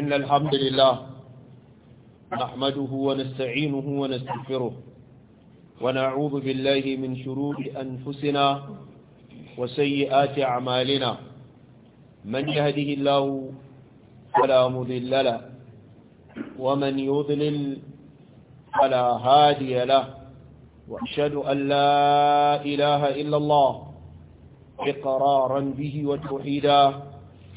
إن الحمد لله نحمده ونستعينه ونستغفره ونعوذ بالله من شرور أنفسنا وسيئات أعمالنا من يهده الله فلا مذل له ومن يضلل فلا هادي له وأشهد أن لا إله إلا الله إقرارا به وتوحيدا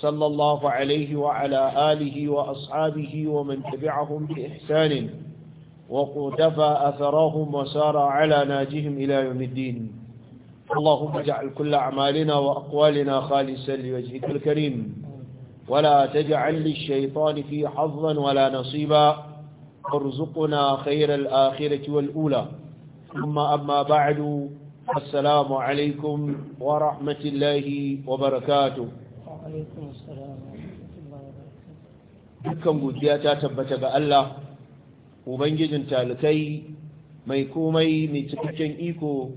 صلى الله عليه وعلى آله وأصحابه ومن تبعهم بإحسان وقتفى أثرهم وسار على ناجهم إلى يوم الدين اللهم اجعل كل أعمالنا وأقوالنا خالصا لوجهك الكريم ولا تجعل للشيطان في حظا ولا نصيبا ارزقنا خير الآخرة والأولى ثم أما بعد السلام عليكم ورحمة الله وبركاته dukkan godiya ta tabbata ga Allah ubangijin talikai mai komai mai cikakken iko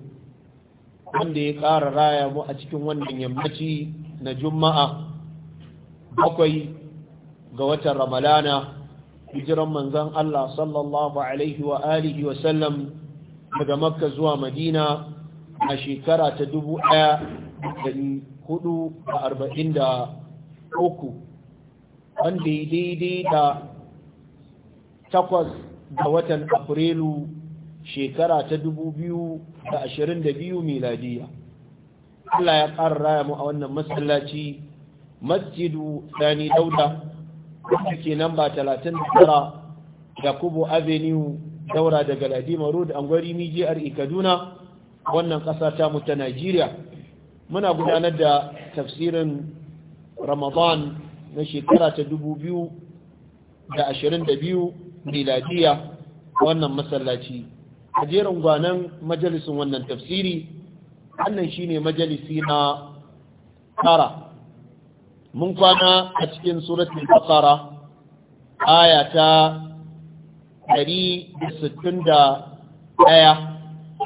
wanda ya ƙara raya mu a cikin wannan yammaci na juma'a bakwai ga watan ramalana hijiran manzan Allah sallallahu alaihi wa alihi wa sallam daga makka zuwa madina a shekara ta dubu ɗaya dari hudu da da uku daidai da takwas ga watan afrilu shekara ta dubu biyu da ashirin da biyu miladiya Allah ya ƙara raya mu a wannan masallaci masjidu sani dauda wanda ke nan ba talatin da tara yakubu avenue daura daga ladima road gwari mijiyar kaduna wannan ƙasa ta mu ta najeriya muna gudanar da tafsirin ramadan na shekara ta da ashirin biyu miladiya wannan masallaci a jerin gwanan majalisun wannan tafsiri wannan shine majalisi na tara mun kwana a cikin suratun fasara aya ta ɗaya,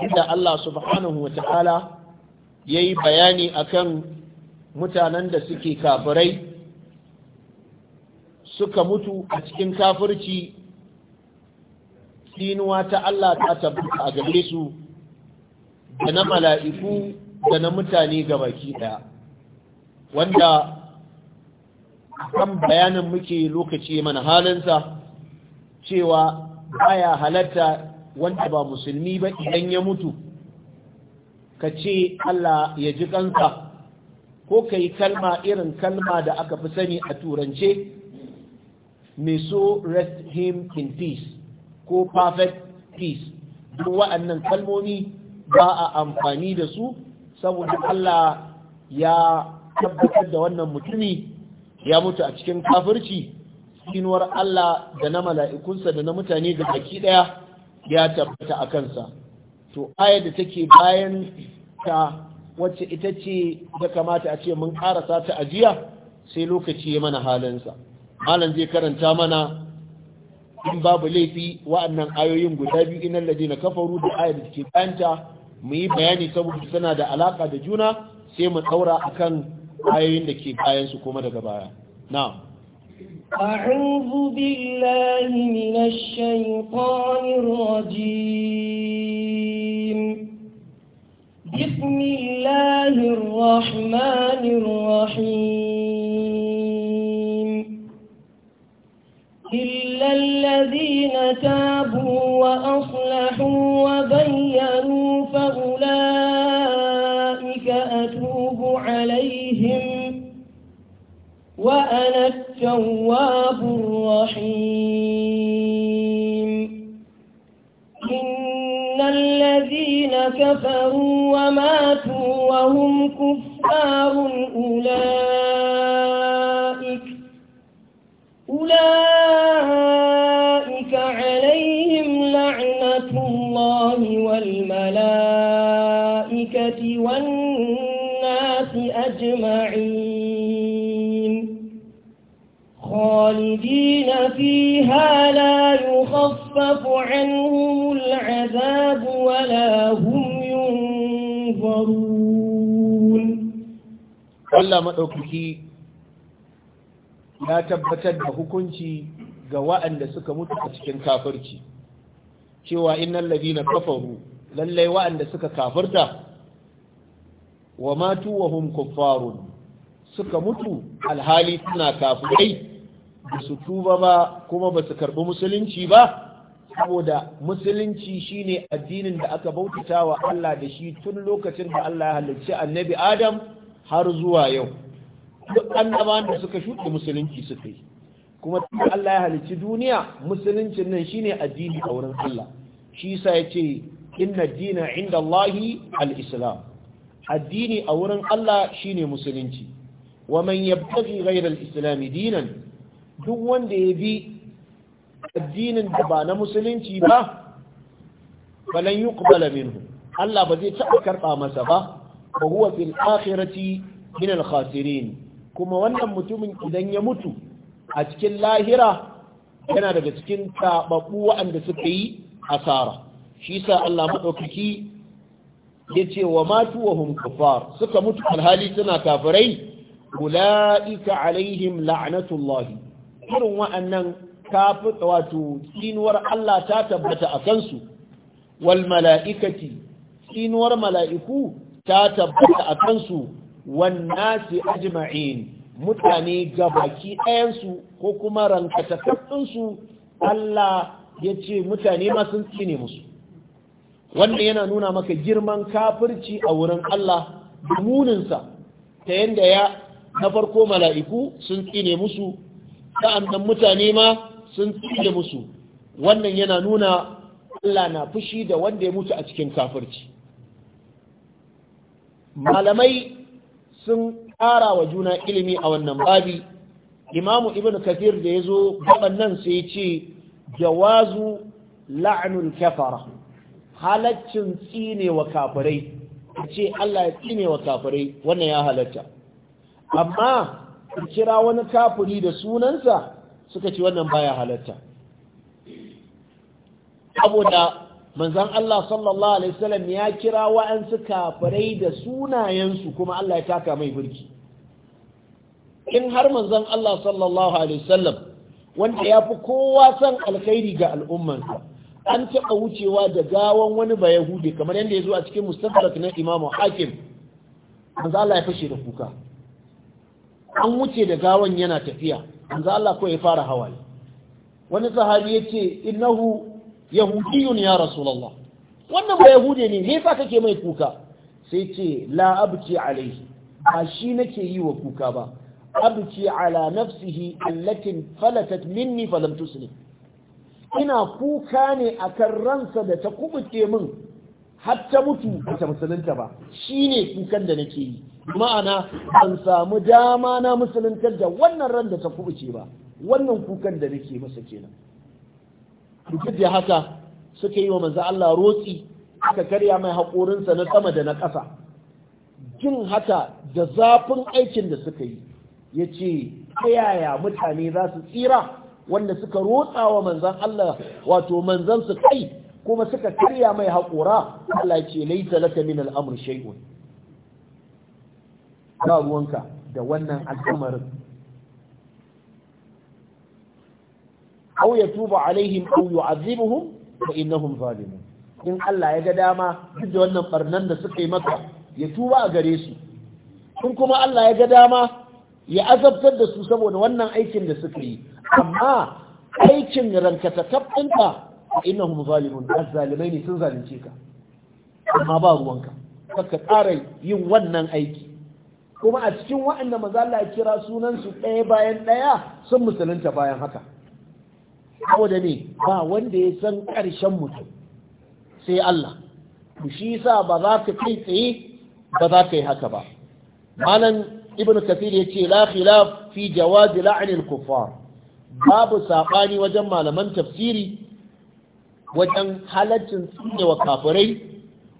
inda Allah subhanahu wa ta'ala ya yi bayani a kan mutanen da suke kafirai suka mutu a cikin kafirci sinuwa ta Allah ta tabbata a gare su da na mala'iku da na mutane ga baki ɗaya wanda kan bayanin muke lokaci mana halinsa cewa baya halatta wanda ba musulmi ba idan ya mutu ka ce Allah ya ji kansa ko ka yi kalma irin kalma da aka fi sani a turance me so rest him in peace ko perfect peace duk wa'annan kalmomi ba a amfani da su saboda Allah ya tabbatar da wannan mutumi ya mutu a cikin kafirci sinuwar Allah da na mala'ikunsa da na mutane da baki ɗaya ya tabbata a kansa. to ayar da take bayan ta wacce ita ce da kamata a ce mun karasa ta ajiya sai lokaci ya mana halinsa malam zai karanta mana in babu laifi wa'annan ayoyin guda biyu inan na kafaru da ayar da take bayan ta, mu yi bayani saboda tana da alaka da juna sai mu daura akan ayoyin da ke bayansu, kuma daga baya na'am أعوذ بالله من الشيطان الرجيم بسم الله الرحمن الرحيم إلا الذين تابوا وأصلحوا وبينوا فأولئك أتوب عليهم وأنا التواب الرحيم كفروا وماتوا وهم كفار أولئك أولئك عليهم لعنة الله والملائكة والناس أجمعين خالدين فيها لا يخف يخفف عنهم العذاب ولا هم ينظرون Allah maɗaukaki ya tabbatar da hukunci ga wa'anda suka mutu a cikin kafirci cewa innal ladina kafaru lallai wa'anda suka kafirta wa matu wa hum kuffarun suka mutu alhali suna kafirai ba su tuba ba kuma ba su karɓi musulunci ba saboda musulunci shine addinin da aka bautata wa Allah da shi tun lokacin da Allah ya halicci annabi Adam har zuwa yau duk annaba da suka shuɗe musulunci suka yi kuma tun Allah ya halicci duniya musuluncin nan shine addini a wurin Allah shi ya yace inna dina inda Allahi al-islam addini a wurin Allah shine musulunci wa man yabtaghi ghayra al-islam dinan duk wanda ya bi addinin da ba na musulunci ba falan yuqbala minhu Allah ba zai taɓa karɓa masa ba wa huwa fil akhirati min al khasirin kuma wannan mutumin idan ya mutu a cikin lahira yana daga cikin tababbu waɗanda suka yi asara shi sa Allah Ya ce wa matu wa hum suka mutu alhali suna kafirai ulaika alaihim la'anatullahi irin wa'annan kafin wato tsinuwar Allah ta tabbata a kansu wal mala'ikati tsinuwar mala'iku ta tabbata a kansu wan nasi ajma'in mutane gabaki ɗayansu ko kuma rankatakaɗinsu Allah ya ce mutane ma sun tsine musu wannan yana nuna maka girman kafirci a wurin Allah da muninsa ta yadda ya na farko mala'iku sun tsine musu sa'an mutane ma sun tsige musu wannan yana nuna Allah na fushi da wanda ya mutu a cikin kafirci malamai sun ƙara wa juna ilimi a wannan babi imamu ibn kafir da ya zo gaban nan sai ce jawazu la'anul kafara halaccin tsine wa kafirai ce Allah ya tsine wa kafirai wannan ya halatta amma kira wani kafiri da sunansa suka ci wannan baya halatta saboda manzan Allah sallallahu alaihi wasallam ya kira wa'ansu kafirai da sunayensu kuma Allah ya taka mai burki in har manzan Allah sallallahu alaihi wasallam wanda ya fi kowa san alkhairi ga al'ummansa an taɓa wucewa da gawan wani ba yahudi kamar yadda ya zo a cikin mustadrak na imamu hakim Allah ya fashe da kuka an wuce da gawan yana tafiya manzo Allah ko ya fara hawaye wani sahabi yace innahu yahudiyun ya rasulullah wannan ba yahude ne me yasa kake mai kuka sai ce la abki alaihi ba shi nake yi wa kuka ba abki ala nafsihi allati falatat minni falam tuslim ina kuka ne akan ransa da ta kubuce min har ta mutu ba ta musulunta ba shine kukan da nake yi ma'ana ban samu dama na musuluntar da wannan ran da ta kubuce ba wannan kukan da nake masa kenan duk da haka suka yi wa manzo Allah rotsi aka karya mai haƙurinsa na sama da na ƙasa jin haka da zafin aikin da suka yi ya ce ta yaya mutane za su tsira wanda suka rotsa wa manzan Allah wato Manzansu su kai kuma suka karya mai haƙura? Allah ce laita laka min al'amur shay'un ba ruwanka da wannan al'amarin aw yatubu alaihim aw yu'adhibuhum fa innahum zalimun in Allah ya ga dama duk da wannan barnan da suka yi maka ya tuba a gare su in kuma Allah ya ga dama ya azabtar da su saboda wannan aikin da suka yi amma aikin rankata kafinta innahum zalimun azzalimai ne sun zalunce ka amma ba ruwanka ka ƙara yin wannan aiki kuma a cikin waɗanda maza Allah ya kira sunansu ɗaya bayan ɗaya sun musulunta bayan haka saboda ne ba wanda ya san ƙarshen mutum sai Allah ku shi yasa ba za ka kai tsaye ba za ka yi haka ba malam ibnu kathir ya la khilaf fi jawaz la'n kuffar babu saɓani wajen malaman tafsiri wajen halaccin tsinewa kafirai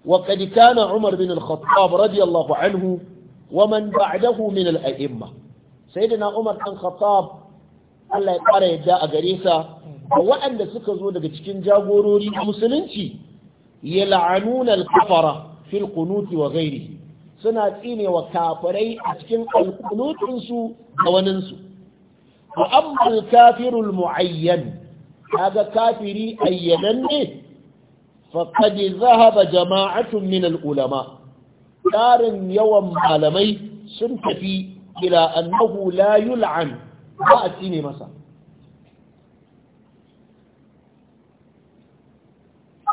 wa kad kana umar bin al-khattab radiyallahu anhu wa man ba'dahu min al-a'imma sayyidina Na'umar, ɗan Khattab Allah ya fara yadda a gare sa da waɗanda suka zo daga cikin jagorori na musulunci ya la'anuna al-kafara fil qunut wa ghairihi suna tsine wa kafirai a cikin alƙunutin su da wanin su wa amma al-kafiru al-mu'ayyan kaga kafiri a ne faqad dhahaba jama'atun min al-ulama' tarin yawan malamai sun tafi ila annahu la yul'an ba a masa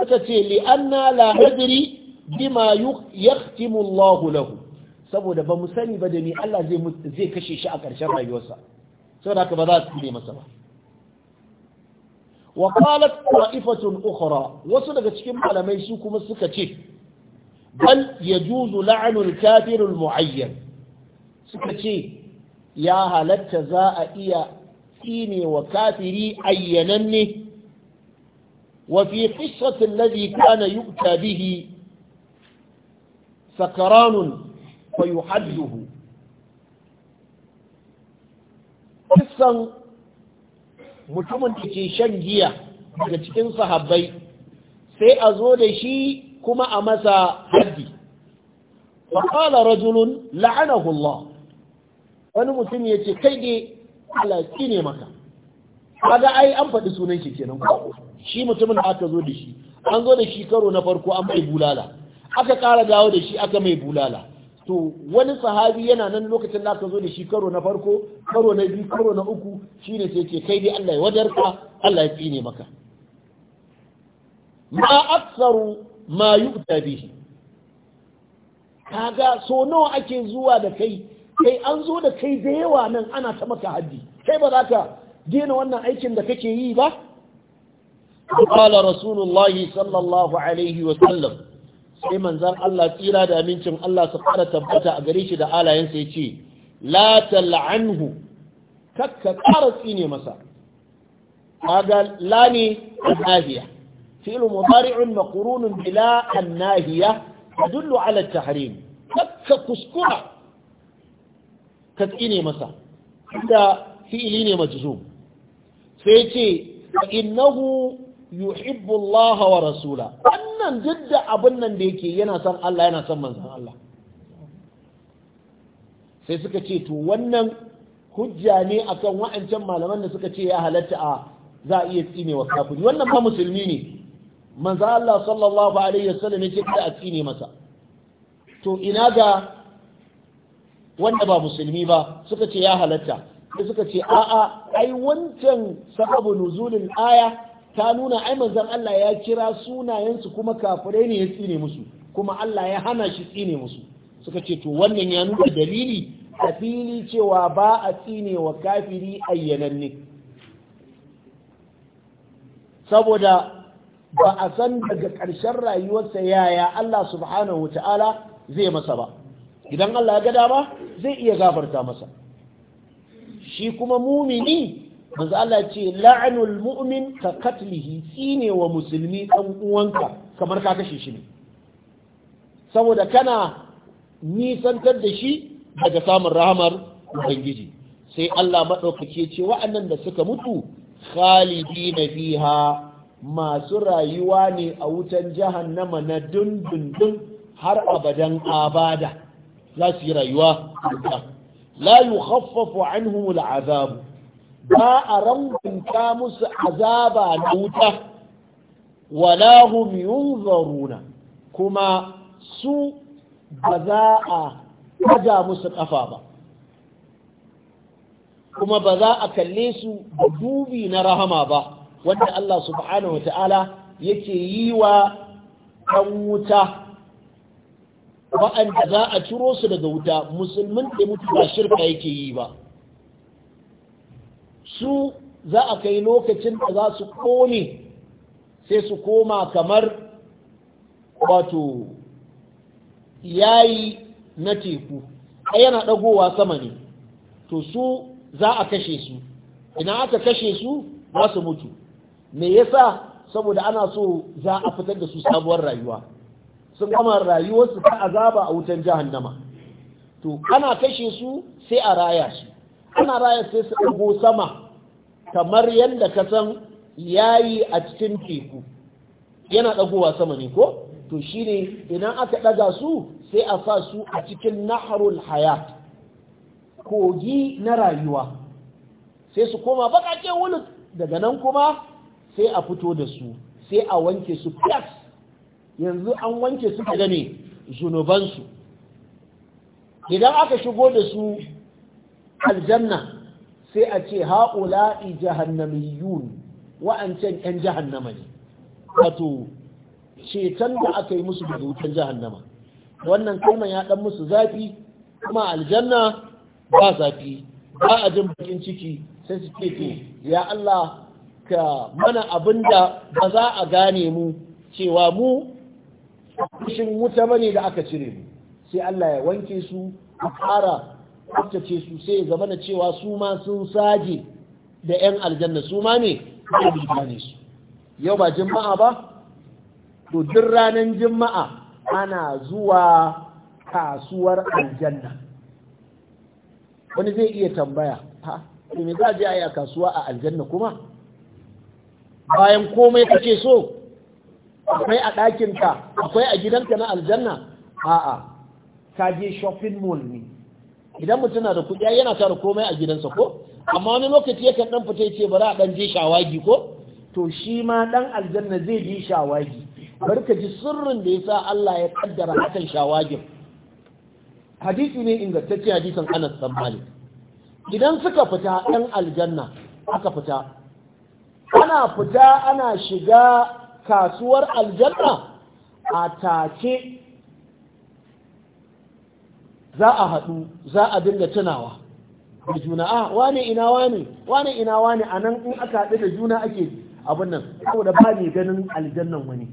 aka ce li'anna la nadri bima yaktimu lahu saboda ba mu sani ba da ni Allah zai zai kashe shi a ƙarshen rayuwarsa saboda haka ba za su ne masa ba wa qalat ta'ifatun ukhra wasu daga cikin malamai su kuma suka ce bal yajuzu la'anul kafirul mu'ayyan suka ce ya halatta za a iya tsine wa kafiri ayyananne wa fi qissati alladhi kana yu'ta bihi sakaranun fa yuhadduhu kisan mutumin da ke shan giya daga cikin sahabbai sai a zo da shi kuma a masa haddi faƙala rajulun la'anahullah wani mutum ya ce kai ne alaƙi ne maka kaga ai an faɗi sunan shi kenan shi mutumin da aka zo da shi an zo da shi karo na farko an mai bulala aka ƙara dawo da shi aka mai bulala to wani sahabi yana nan lokacin da aka zo da shi karo na farko karo na biyu karo na uku shine sai ce kai dai Allah ya wadarka Allah ya tsine maka ma aksaru ma yu'ta bihi kaga so nawa ake zuwa da kai kai an zo da kai da yawa nan ana ta maka haddi kai ba za ka dena wannan aikin da kake yi ba qala rasulullahi sallallahu alaihi wa sai manzon Allah tsira da amincin Allah su fara tabbata a gare shi da alayensa yace la tal'anhu kakka ƙara tsine masa kaga la ne nahiya فعل مضارع مقرون بلا الناهية تدل على التحريم فك كسكرة كتئني مسا هذا فعلين مجزوم فيتي فإنه يحب الله ورسوله wannan duk da abin nan da yake yana son Allah yana son manzon Allah sai suka ce to wannan hujja ne akan wa'ancan malaman da suka ce ya halatta a za a iya tsine wa kafiri wannan ba musulmi ne manzo Allah sallallahu alaihi wasallam yake da a tsine masa to ina ga wanda ba musulmi ba suka ce ya halatta sai suka ce a'a ai wancan sababu nuzulin aya ta nuna ai manzon Allah ya kira sunayensu kuma kafirai ne ya tsine musu kuma Allah ya hana shi tsine musu suka ce to wannan ya nuna dalili a fili cewa ba a tsine wa kafiri ayyananne saboda ba a san daga ƙarshen rayuwarsa yaya Allah subhanahu ta'ala zai masa ba idan Allah ya ga dama zai iya gafarta masa shi kuma mumini manzo Allah ce la'anul mu'min ka katlihi ne wa musulmi dan uwanka kamar ka kashe shi ne saboda kana nisantar da shi daga samun rahamar ubangiji sai Allah madaukake ce wa'annan da suka mutu khalidina fiha masu rayuwa ne a wutan jahannama na dundundun har abadan abada za su yi rayuwa la yi haffafu an humula azabu ba a rangunta musu azaba na wuta wala hum yunzaruna kuma su ba za a kaja musu ƙafa ba kuma ba za a kalle su da dubi na rahama ba wanda Allah subhanahu wata'ala yake yi wa ɗan wuta waɗanda za a ciro su daga wuta musulmin da mutu ba shirka yake yi ba su za a kai lokacin da za su kone sai su koma kamar wato yayi na teku a yana ɗagowa sama ne to su za a kashe su ina aka kashe su za su mutu me yasa saboda ana so za a fitar da su sabuwar rayuwa sun gama rayuwarsu ta azaba a wutan jahannama to ana kashe su sai a raya su ana raya sai su ɗago sama kamar yadda ka san yayi a cikin teku yana ɗagowa sama ne ko to shine idan aka ɗaga su sai a sa su a cikin naharul hayat kogi na rayuwa sai su koma baƙaƙen wulut daga nan kuma sai a fito da su sai a wanke su flas yanzu an wanke su ka gane zunubansu idan aka shigo da su aljanna sai a ce haƙula'i jahannamiyun wa'ancan 'yan jahannama ne wato ceton da aka yi musu daga wutan jahannama wannan kalman ya ɗan musu zafi kuma aljanna ba zafi ba a jin bakin ciki sai su ce ya Allah ka mana abin da ba za a gane mu cewa mu kushin wuta bane da aka cire mu sai Allah ya wanke su a fara tsaftace su sai ya zama na cewa su ma sun saje da 'yan aljanna su ma ne yau ba jima'a ba to duk ranar jima'a ana zuwa kasuwar aljanna wani zai iya tambaya ha me za a je a yi a kasuwa a aljanna kuma bayan komai kake so akwai a ɗakinka akwai a gidanka na aljanna a'a ka je shopping mall ne idan mutum na da kuɗi yana tara komai a gidansa ko amma wani lokaci yakan dan fita yace bari a dan je shawagi ko to shi ma dan aljanna zai je shawagi bari ka ji sirrin da yasa Allah ya kaddara hakan shawagi hadisi ne ingantacce hadisin Anas bin Malik idan suka fita dan aljanna aka fita ana fita ana shiga kasuwar aljanna a take za a haɗu za a dinga tunawa da juna a ah, wane ina wane wane ina wane a nan in aka haɗu da juna ake abin nan saboda ba ne ganin aljannan wani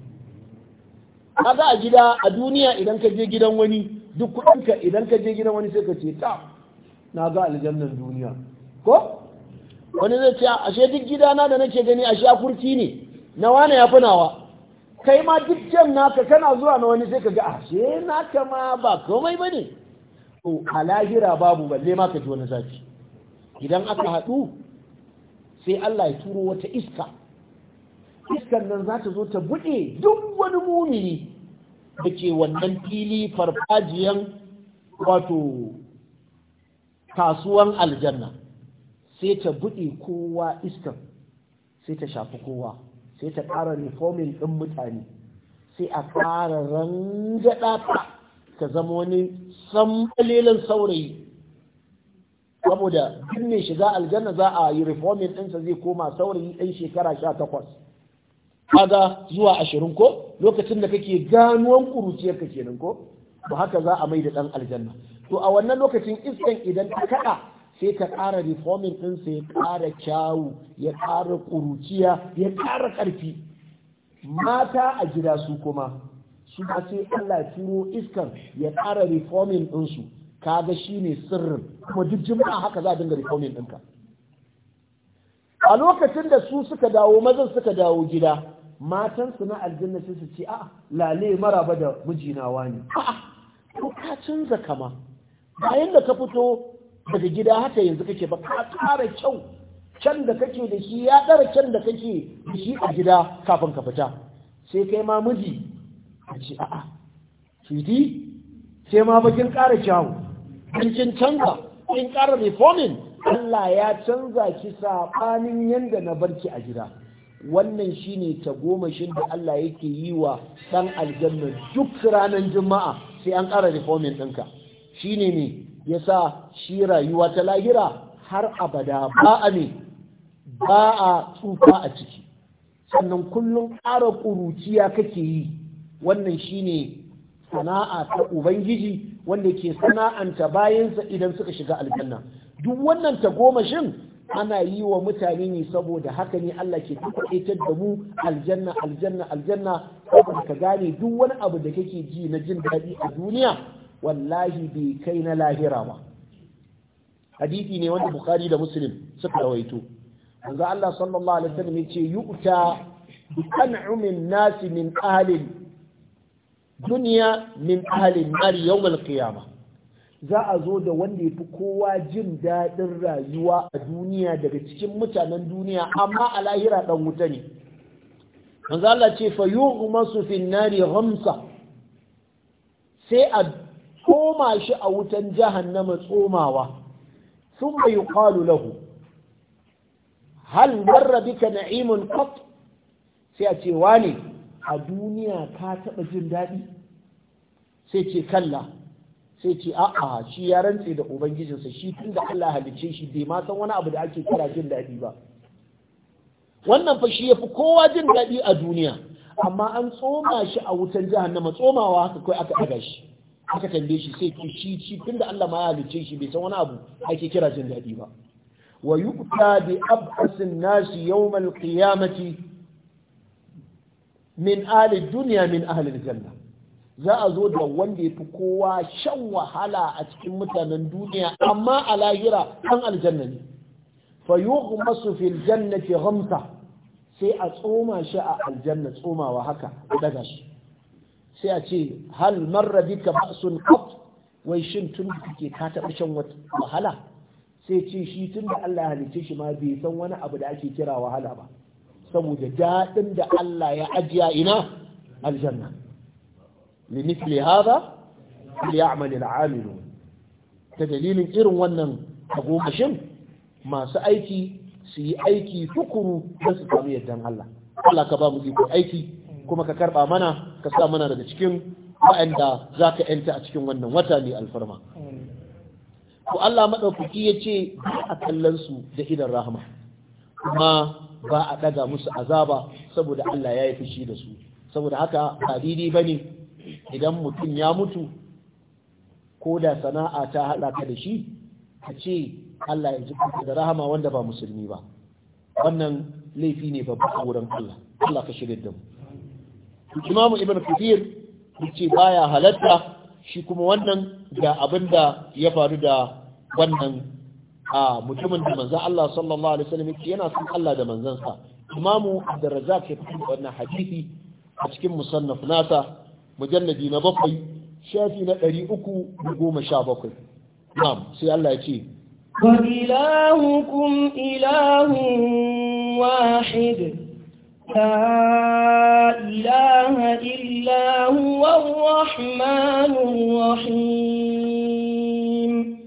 za a gida a duniya idan ka je gidan wani duk kuɗinka idan ka je gidan wani sai ka ce ta na ga aljannan duniya ko wani zai ce ashe duk gidana da nake gani ashe a kurki ne na wane ya fi nawa kai ma duk jan naka kana zuwa na wani sai ka ga ashe naka ma ba komai ba ne to a lahira babu balle ma ka ji wani zafi idan aka haɗu sai Allah ya turo wata iska iskar nan za ta zo ta buɗe duk wani mumini da ke wannan fili farfajiyan wato kasuwan aljanna sai ta buɗe kowa iskan sai ta shafi kowa sai ta ƙara reforming ɗin mutane sai a ƙara rangada ta ka zama wani sambalilin saurayi saboda duk mai shiga aljanna za a yi reforming ɗinsa zai koma saurayi ɗan shekara sha takwas kaga zuwa ashirin ko lokacin da kake ganuwan kuruciyarka kenan ko ba haka za a mai da ɗan aljanna to a wannan lokacin iskan idan ta kaɗa sai ka ƙara reforming ɗinsa ya ƙara kyawu ya ƙara ƙuruciya ya ƙara ƙarfi mata a gida su kuma su ma sai Allah turo iskan ya ƙara reforming ɗinsu kaga shi ne sirrin kuma duk jima'a haka za a dinga reforming ɗinka a lokacin da su suka dawo mazan suka dawo gida Matan su na aljanna sai su ce a lale maraba da mijina wani a'a to ka canza kama bayan da ka fito daga gida haka yanzu kake ba ka ƙara kyau can da kake da shi ya ɗara can da kake da shi a gida kafin ka fita sai kai ma miji a ce a'a fiti sai ma bakin ƙara kyawu cikin canza in ƙara reforming Allah ya canza ki saɓanin yadda na barki a gida wannan shine ta shi da Allah yake yi wa ɗan aljanna duk ranar juma'a sai an ƙara reforming ɗinka shine ne ya sa shi rayuwa ta lahira har abada ba a ne ba a tsufa a ciki sannan kullum ƙara ƙuruciya kake yi wannan shine sana'a ta ubangiji wanda ke sana'anta bayansa idan suka shiga aljanna duk wannan ta goma tagomashin ana yi wa mutane ne saboda haka ne Allah ke kwaɗaitar da mu aljanna aljanna aljanna saboda ka gane duk wani abu da kake ji na jin daɗi a duniya wallahi bai kai na lahira ba hadisi ne wanda bukhari da muslim suka rawaito manzo Allah sallallahu alaihi wasallam yace yu'ta bi an'umin nasi min ahli dunya min ahli nar yawm al-qiyamah za a zo da wanda ya fi kowa jin daɗin rayuwa a duniya daga cikin mutanen duniya amma a lahira ɗan wuta ne manzo Allah ce fa yughmasu fin nari ghamsa sai a koma shi a wutan jahannama tsomawa sun bai kwalu lahu hal marra bika na'imun qat sai a ce wane a duniya ka taɓa jin daɗi sai ce kalla sai ce a'a shi ya rantse da ubangijinsa shi tun da Allah halicce shi bai ma san wani abu da ake kira jin daɗi ba wannan fa shi fi kowa jin daɗi a duniya amma an tsoma shi a wutan jahannama tsomawa haka kai aka ɗaga shi aka tambaye shi sai ki shi shi tunda Allah ma ya halicce shi bai san wani abu ake kira jin daɗi ba wa yu'ta bi abhasin nasi yawmal qiyamati min ahli dunya min ahli janna za a zo da wanda ya fi kowa shan wahala a cikin mutanen duniya amma a lahira an aljanna ne fa yughmasu fil jannati ghamsa sai a tsoma shi a aljanna tsomawa haka daga shi sai a ce hal marra bika ba'sun qat wai shin tun da kike ka taɓa shan wahala sai ce shi tun da Allah ya halice shi ma bai san wani abu da ake kira wahala ba saboda daɗin da Allah ya ajiya ina aljanna limithli hadha ya'mal al'amilun ta dalilin irin wannan mashin masu aiki su yi aiki tukuru da su samu yardan Allah Allah ka ba mu aiki kuma ka karba mana ka sa mana daga cikin waɗanda za ka yanta a cikin wannan wata ne alfarma ko Allah maɗaukaki ya ce a kallonsu da idan rahama kuma ba a ɗaga musu azaba saboda Allah ya yi fushi da su saboda haka ba daidai ba ne idan mutum ya mutu ko da sana'a ta haɗa ka da shi a ce Allah ya ji da rahama wanda ba musulmi ba wannan laifi ne babba a wurin Allah Allah ka shirya da mu imamu ibn kathir yace baya halatta shi kuma wannan ga abin da ya faru da wannan a mutumin da manzon Allah sallallahu alaihi wasallam yake yana son Allah da manzansa imamu razak ya fito wannan hadisi a cikin musannaf nasa mujalladi na bakwai shafi na ɗari uku da goma sha bakwai na'am sai Allah ya ce fa ilahukum ilahun لا إله إلا هو الرحمن الرحيم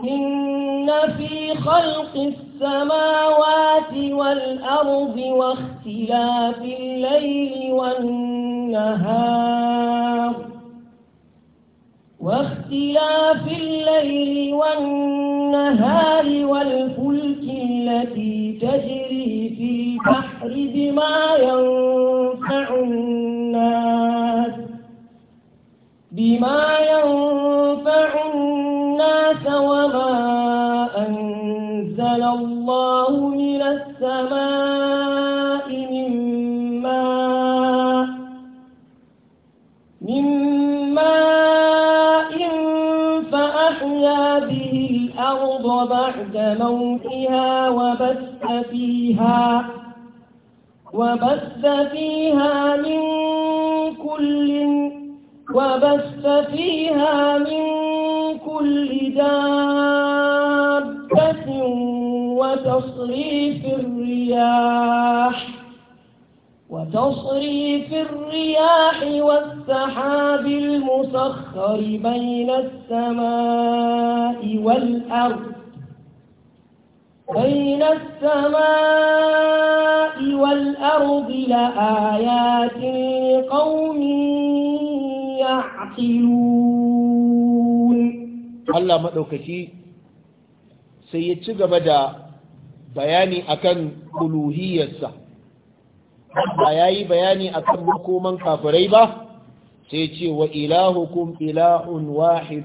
إن في خلق السماوات والأرض واختلاف الليل والنهار واختلاف الليل والنهار النهار والفلك التي تجري في البحر بما ينفع الناس بما ينفع الناس وما أنزل الله من السماء وبعد موتها وبث فيها وبث فيها من كل وبث فيها من كل دابة وتصريف الرياح وتصريف الرياح والسحاب المسخر بين السماء والأرض بين السماء والأرض لآيات لقوم يعقلون الله مدوكتي سيتشغ بدا bayani akan uluhiyarsa ba yayi bayani akan makoman kafirai ba sai ce wa ilahukum ilahun wahid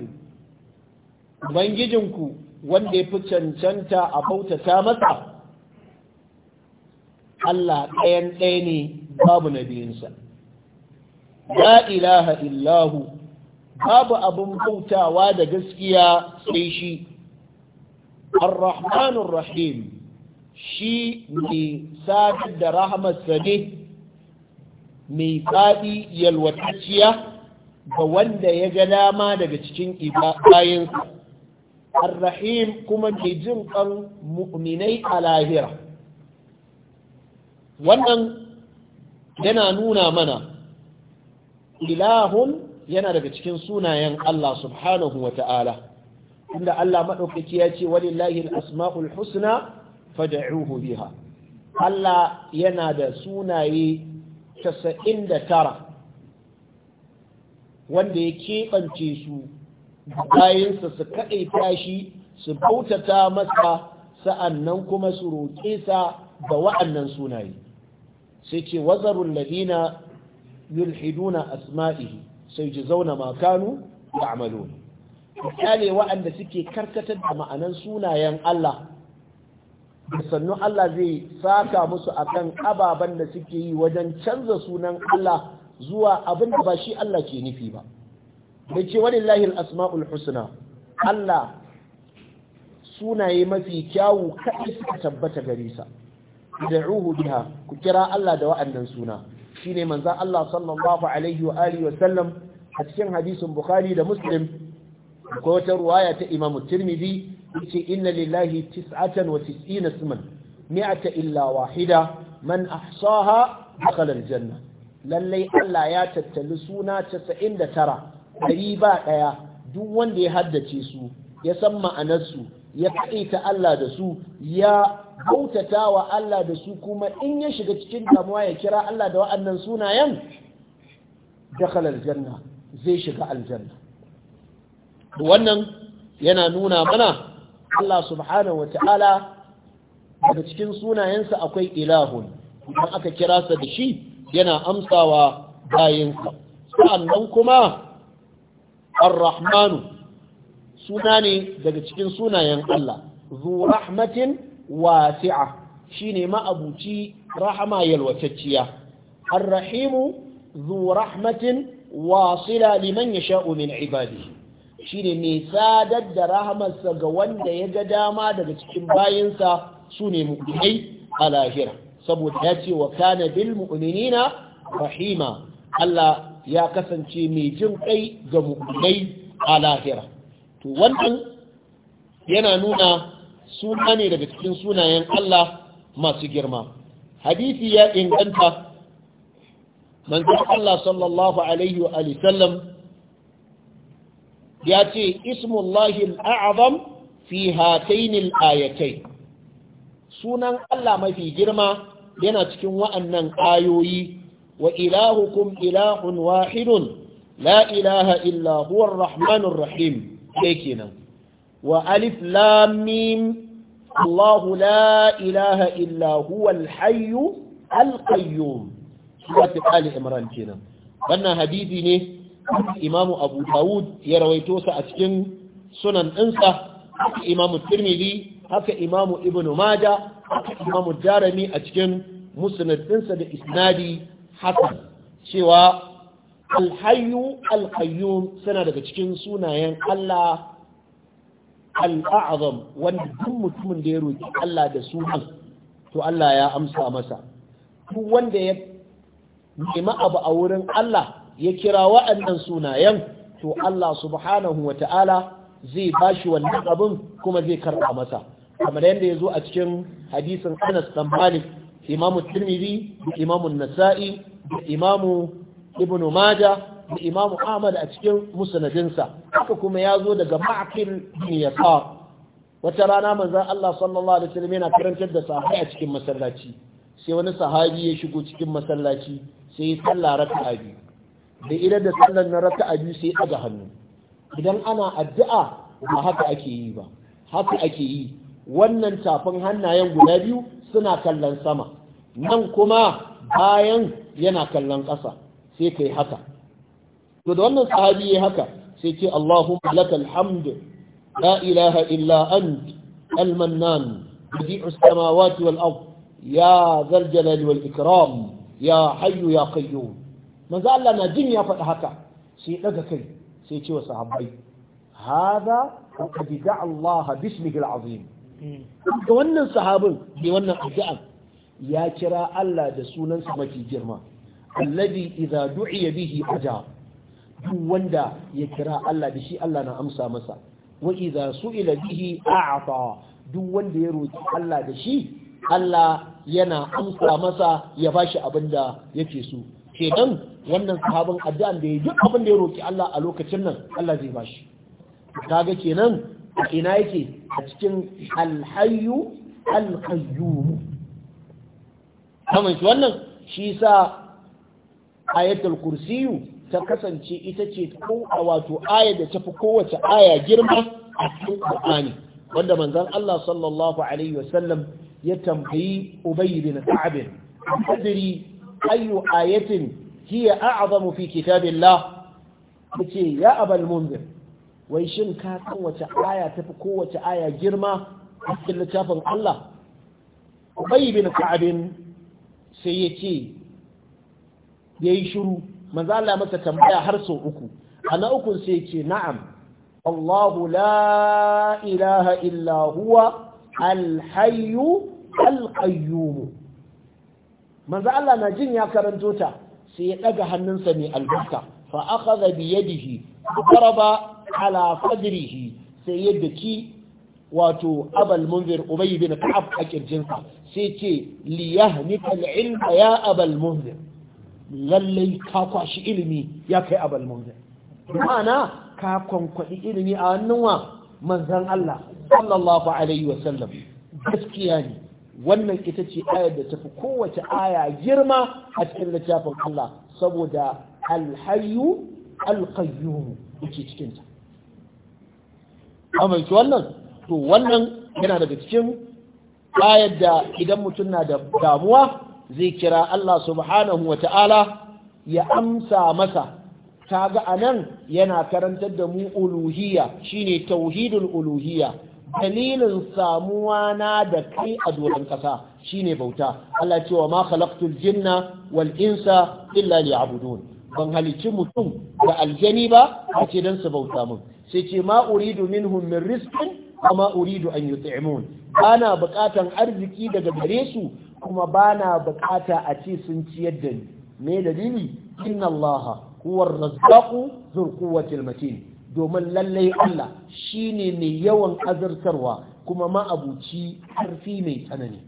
ubangijinku wanda ya fi cancanta a bautata masa Allah ɗayan ɗaya ne babu na biyunsa la ilaha illahu babu abin bautawa da gaskiya sai shi ar rahmanun rahim shi ne sadar da rahamarsa Sade, mai faɗi yalwataciya, ga wanda ya ga dama daga cikin bayansa الرحيم كما جيجن قن مؤمني على lahira. wannan yana nuna mana ilahun yana daga cikin sunayen Allah subhanahu wa ta'ala inda Allah maɗaukaki ya ce walillahi asma'ul husna fada'uhu biha Allah yana da sunaye da tara, wanda ya keɓance su bayansa su kaɗaita shi su bautata masa sa'annan kuma su roƙe sa ga wa'annan sunaye sai ce wazarun ladina yulhiduna asma'ihi sai ji zauna makanu da amalo misali wa'anda suke karkatar da ma'anan sunayen Allah da sannu Allah zai saka musu akan ababen da suke yi wajen canza sunan Allah zuwa abin da ba shi Allah ke nufi ba. da ce walillahi al-asma'ul husna Allah sunaye mafi kyawu kai suka tabbata gare sa da'uhu biha ku kira Allah da wa'annan suna shine manzon Allah sallallahu alaihi wa alihi a cikin hadisin Bukhari da Muslim ko wata ruwaya ta Imam Tirmidhi yace inna lillahi 99 isman mi'ata illa wahida man ahsaha dakhala aljanna lallai Allah ya tattali suna 99 ɗari ba ɗaya duk wanda ya haddace su ya san ma'anarsu ya kaɗaita Allah da su ya bautata wa Allah da su kuma in ya shiga cikin damuwa ya kira Allah da wa'annan sunayen dakhala janna zai shiga aljanna wannan yana nuna mana Allah subhanahu wata'ala daga cikin sunayensa akwai ilahun idan aka kira sa da shi yana amsawa bayansa sa'annan kuma ar-rahmanu suna ne daga cikin sunayen Allah zu rahmatin wasi'a shine ma'abuci rahama yalwatacciya ar-rahimu zu rahmatin wasila liman yasha'u min ibadihi shine mai sadar da rahamarsa ga wanda ya ga dama daga cikin bayinsa su ne mu'minai a lahira saboda ya ce wa kana bil mu'minina rahima Allah ya kasance mai jin kai ga mu'minai a lahira to wannan yana nuna suna ne daga cikin sunayen Allah masu girma hadisi ya inganta manzon Allah sallallahu alaihi wa sallam ya ce ismullahi al'azam fi hataini al'ayatai sunan Allah mafi girma yana cikin wa'annan ayoyi وإلهكم إله واحد لا إله إلا هو الرحمن الرحيم كيكنا وألف لام ميم الله لا إله إلا هو الحي القيوم سورة آل عمران كنا wannan hadisi ne imamu abu dawud ya rawaito sa a cikin sunan ɗinsa haka imamu tirmidhi haka imamu ibn maja haka imamu a cikin musnad ɗinsa da isnadi hasan cewa alhayu alqayyum suna daga cikin sunayen Allah al'azam wanda duk mutumin da ya roƙi Allah da sunan to Allah ya amsa masa duk wanda ya nemi abu a wurin Allah ya kira wa'annan sunayen to Allah subhanahu wa ta'ala zai bashi wannan abin kuma zai karɓa masa kamar yadda ya zo a cikin hadisin Anas ɗan Malik imamu tirmidhi da imamu nasa'i da imamu ibnu maja da imamu ahmad a cikin musnadinsa haka kuma ya zo daga ma'qil bin yasar wata rana manzon Allah sallallahu alaihi wasallam yana karantar da sahabbai a cikin masallaci sai wani sahabi ya shigo cikin masallaci sai ya salla raka'a biyu da ila da sallar na raka'a biyu sai ya hannu idan ana addu'a ba haka ake yi ba haka ake yi wannan tafin hannayen guda biyu suna kallon sama nan kuma bayan yana kallon ƙasa sai kai haka to da wannan sahabi ya haka sai ce Allahumma lakal Hamdu. la ilaha illa ant al-mannan badi'u samawati wal ard ya zal jalali wal ikram ya hayyu ya qayyum manzo Allah na jin ya faɗi haka sai daga kai sai ce wa sahabbai hada qad da'a Allah bismihi al-azim hmm. ga wannan sahabin bi wannan addu'a ya kira Allah da sunansa mafi girma alladhi idza du'iya bihi aja duk wanda ya kira Allah da shi Allah na amsa masa wa idza su'ila bihi a'ta duk wanda ya roki Allah da shi Allah yana amsa masa ya bashi abinda yake so kenan wannan sahabin addu'an da ya duk abin da ya roki Allah a lokacin nan Allah zai bashi kaga kenan a ina yake a cikin alhayyu alqayyum kamar shi wannan shi sa ayatul kursiyu ta kasance ita ce ko a wato aya da tafi kowace aya girma a cikin Qur'ani wanda manzon Allah sallallahu alaihi wasallam ya tambayi Ubay bin Ka'ab adri ayu ayatin hiya a'zamu fi kitabillah kace ya abal munzir wai shin ka san wace aya tafi kowace aya girma a cikin littafin Allah Ubay bin Ka'ab sai ya ce ya yi shiru manzo Allah masa tambaya har sau uku a na ukun sai ya ce na'am Allahu la ilaha illa huwa alhayyu alqayyum manzo Allah na jin ya karanto ta sai ya daga hannunsa mai albarka fa akhadha bi yadihi daraba ala fajrihi sai ya daki wato abal munzir ubay bin ka'ab a kirjinsa sai ce li yahnika al-ilma ya abal munzir lallai ka kwashi ilimi ya kai abal munzir ma'ana ka kwankwadi ilimi a hannun wa manzan Allah sallallahu alaihi wa sallam gaskiya ne wannan ita ce ayar da tafi kowace aya girma a cikin littafin Allah saboda alhayyu alqayyum yake cikin ta amince wannan to wannan yana daga cikin bayar da idan mutum na da damuwa zai kira Allah subhanahu wa ta'ala ya amsa masa ta ga anan yana karantar da mu uluhiya shine tauhidul Uluhiya. dalilin samuwa na da kai a doron ƙasa shine bauta Allah cewa ma khalaqtul jinna wal insa illa liya'budun ban halicci mutum da aljani ba a ce dan su bauta mun sai ce ma uridu minhum min rizqin amma uridu an bana bukatan arziki daga gare su kuma bana bukata a ce sun ciyar da ni me dalili inna Allah huwa ar-razzaqu dhul quwwati matin domin lallai Allah shine mai yawan azartarwa kuma ma'abuci ƙarfi mai tsanani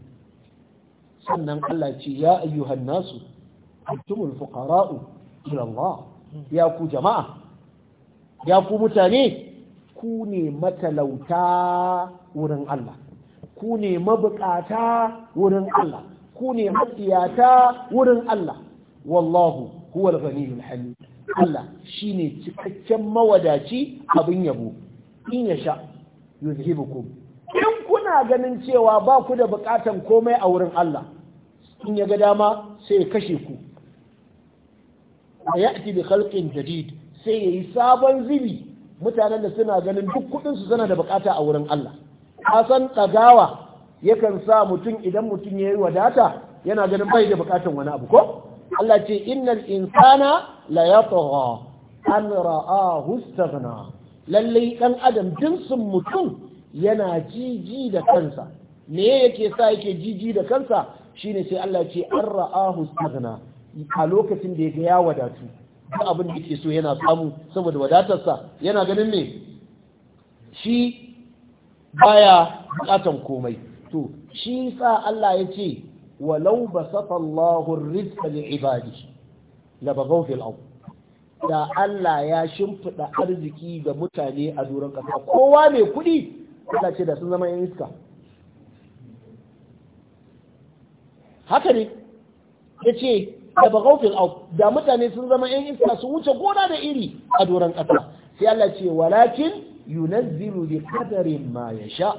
sannan Allah ce ya ayyuhan nasu antumul fuqara'u ila Allah ya ku jama'a ya ku mutane ku ne matalauta wurin Allah ku ne mabukata wurin Allah ku ne matsiyata wurin Allah wallahu huwal ghaniyyul hamid Allah shine cikakken mawadaci abin yabo in ya sha yuzhibukum in kuna ganin cewa ba ku da bukatan komai a wurin Allah in ya ga dama sai ya kashe ku a ya'ti bi khalqin jadid sai ya yi sabon zibi mutanen da suna ganin duk kudinsu suna da bukata a wurin Allah san ɗagawa yakan sa mutum idan mutum ya yi wadata yana ganin bai da bukatan wani abu ko Allah ce innal insana la yatgha an ra'a hustafana. Lallai dan adam jinsin mutum yana jiji da kansa me yake sa yake jiji da kansa shine sai Allah ce an ra'a hustafana. a lokacin da ya ga ya wadatu duk abin da yake so yana samu saboda wadatarsa yana ganin me shi baya bukatan komai to shi sa Allah ya ce walau basata Allahu rizqa li ibadihi la bagaw fil da Allah ya shimfida arziki ga mutane a duran kasa kowa mai kuɗi Allah ce da sun zama yan iska haka ne yace da bagaufin au da mutane sun zama yan iska su wuce gona da iri a doron ƙasa sai Allah ce walakin yunazzilu da qadarin ma sha!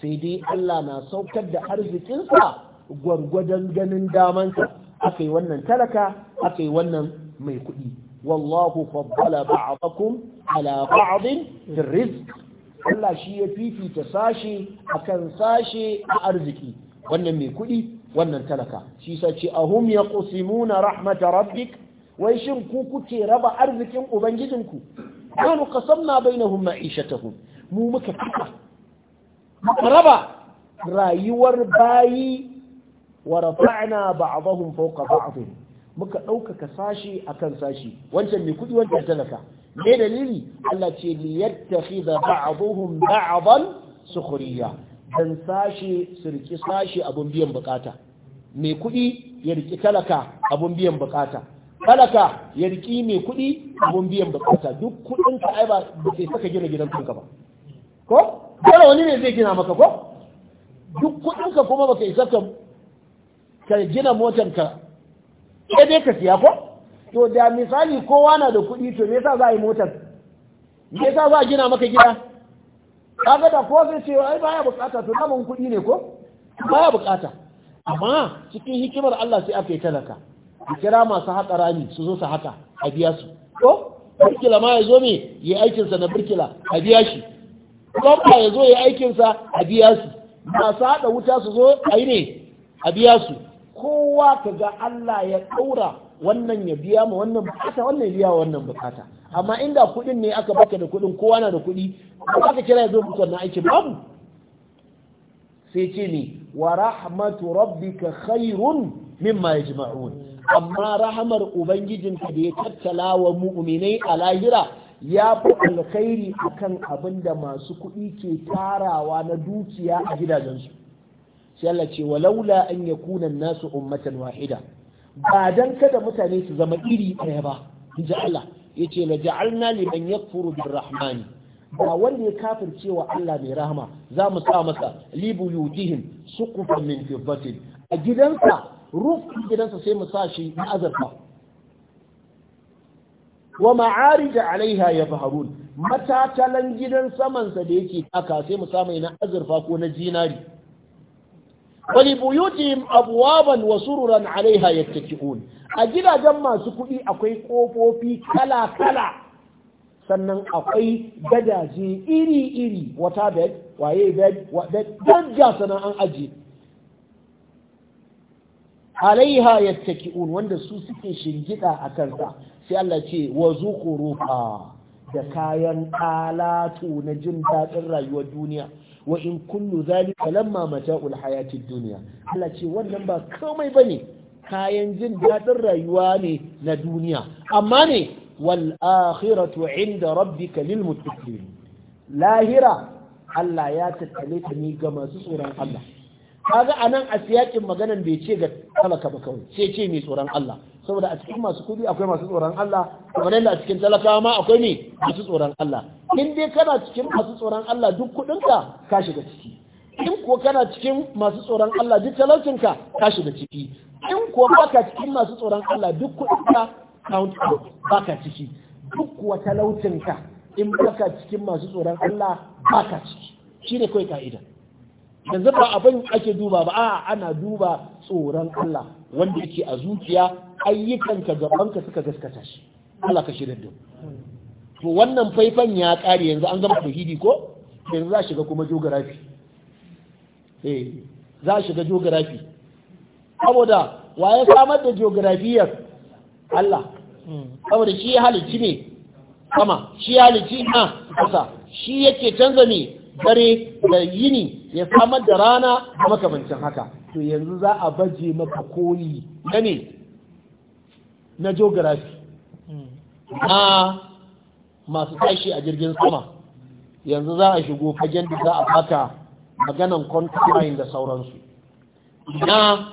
sai dai Allah na saukar da arzikinsa gwargwadon ganin damansa akai wannan talaka akai wannan mai kuɗi wallahu faddala ba'dakum ala ba'din rizq Allah shi ya fifita sashe akan sashe a arziki wannan mai kuɗi wannan talaka shi sa ce ahum yaqsimuna rahmata rabbik wai shin ku kuke raba arzikin ubangijinku nanu qasamna bainahum ma'ishatahum mu muka tuka raba rayuwar bayi wa rafa'na ba'dahum fawqa ba'd muka ɗaukaka sashi akan sashi wancan mai kudi wancan talaka me dalili Allah ce li yattakhidha ba'dhum ba'dan sukhriya dan sashi sirki sashi abun biyan bukata mai kuɗi ya riƙi talaka abun biyan bukata talaka ya riƙi mai kuɗi abun biyan bukata duk kuɗin ka ai ba ke saka gina gidan kanka ba ko dole wani ne zai gina maka ko duk kuɗin ka kuma baka isa ka ka gina motar ka sai dai ka siya ko to da misali kowa na da kuɗi to me yasa za a yi motar me yasa za a gina maka gida kaga da ko zai ce ai baya bukata to namun kuɗi ne ko baya bukata amma cikin hikimar Allah sai aka yi talaka ya kira masu haƙa rami su zo su haƙa a biya su ko birkila ma ya zo me ya aikinsa na birkila a biya shi kwamfa ya zo ya yi aikinsa a biya su masu haɗa wuta su zo a yi ne a biya su kowa ka ga Allah ya ɗaura wannan ya biya ma wannan bukata wannan ya biya wannan bukata amma inda kuɗin ne aka baka da kuɗin kowa na da kuɗi ba ka kira ya zo mutum na aikin babu sai ce ne wa rahmatu rabbika khairun mimma yajma'un amma rahmar ubangijinka da ya tattala wa mu'minai a lahira ya fi alkhairi akan abin da masu kuɗi ke tarawa na dukiya a gidajensu sai Allah ce walaula an yakuna nasu ummatan wahida ba dan kada mutane su zama iri ɗaya ba inji Allah yace la ja'alna liman yakfuru birrahmani ba wanda ya kafir cewa Allah mai rahama za mu sa masa libu yudihim suqufan min fiddatin a gidansa ruf gidansa sai mu sa shi na azarfa wa ma'arij alaiha yafharun matatalan gidan samansa da yake taka sai mu sa mai na azurfa ko na jinari. zinari walibuyutihim abwaban wa sururan alaiha yattaki'un a gidajen masu kuɗi akwai ƙofofi kala-kala sannan akwai gadaje iri-iri wata bed waye bed bed dajja an aji alaiha un wanda su suke shingida a kansa sai Allah ce wa zukuruka da kayan alatu na jin daɗin rayuwar duniya wa in kullu zalika lamma mata'ul hayatid duniya Allah ce wannan ba komai bane kayan jin daɗin rayuwa ne na duniya amma ne والآخرة عند ربك للمتقين لاهرة Allah ya tattale ta ni ga masu tsoron Allah kaga anan a siyakin maganan bai ce ga talaka ba kawai sai ce mai tsoron Allah saboda a cikin masu kudi akwai masu tsoron Allah kamar yadda a cikin talakawa ma akwai ne masu tsoron Allah in dai kana cikin masu tsoron Allah duk kudinka ka shiga ciki in kuwa kana cikin masu tsoron Allah duk talaucinka ka shiga ciki in kuwa baka cikin masu tsoron Allah duk kudinka count out baka ciki duk wata talaucinka in baka cikin masu tsoron Allah baka ciki shine kai ka'ida yanzu ba abin ake duba ba a ana duba tsoron Allah wanda yake a zuciya ayyukanka gabanka suka gaskata shi Allah ka shirin da to wannan faifan ya kare yanzu an gama tauhidi ko yanzu za shiga kuma geography eh za shiga geography saboda wa ya samar da geography Allah saboda shi ya halici ne sama shi ya halici na kusa shi yake canza ne dare da yini ya samar da rana da makamancin haka to yanzu za a baje maka koyi na ne na geography na masu tashi a jirgin sama yanzu za a shigo fagen da za a baka maganan kwantarayin da sauransu na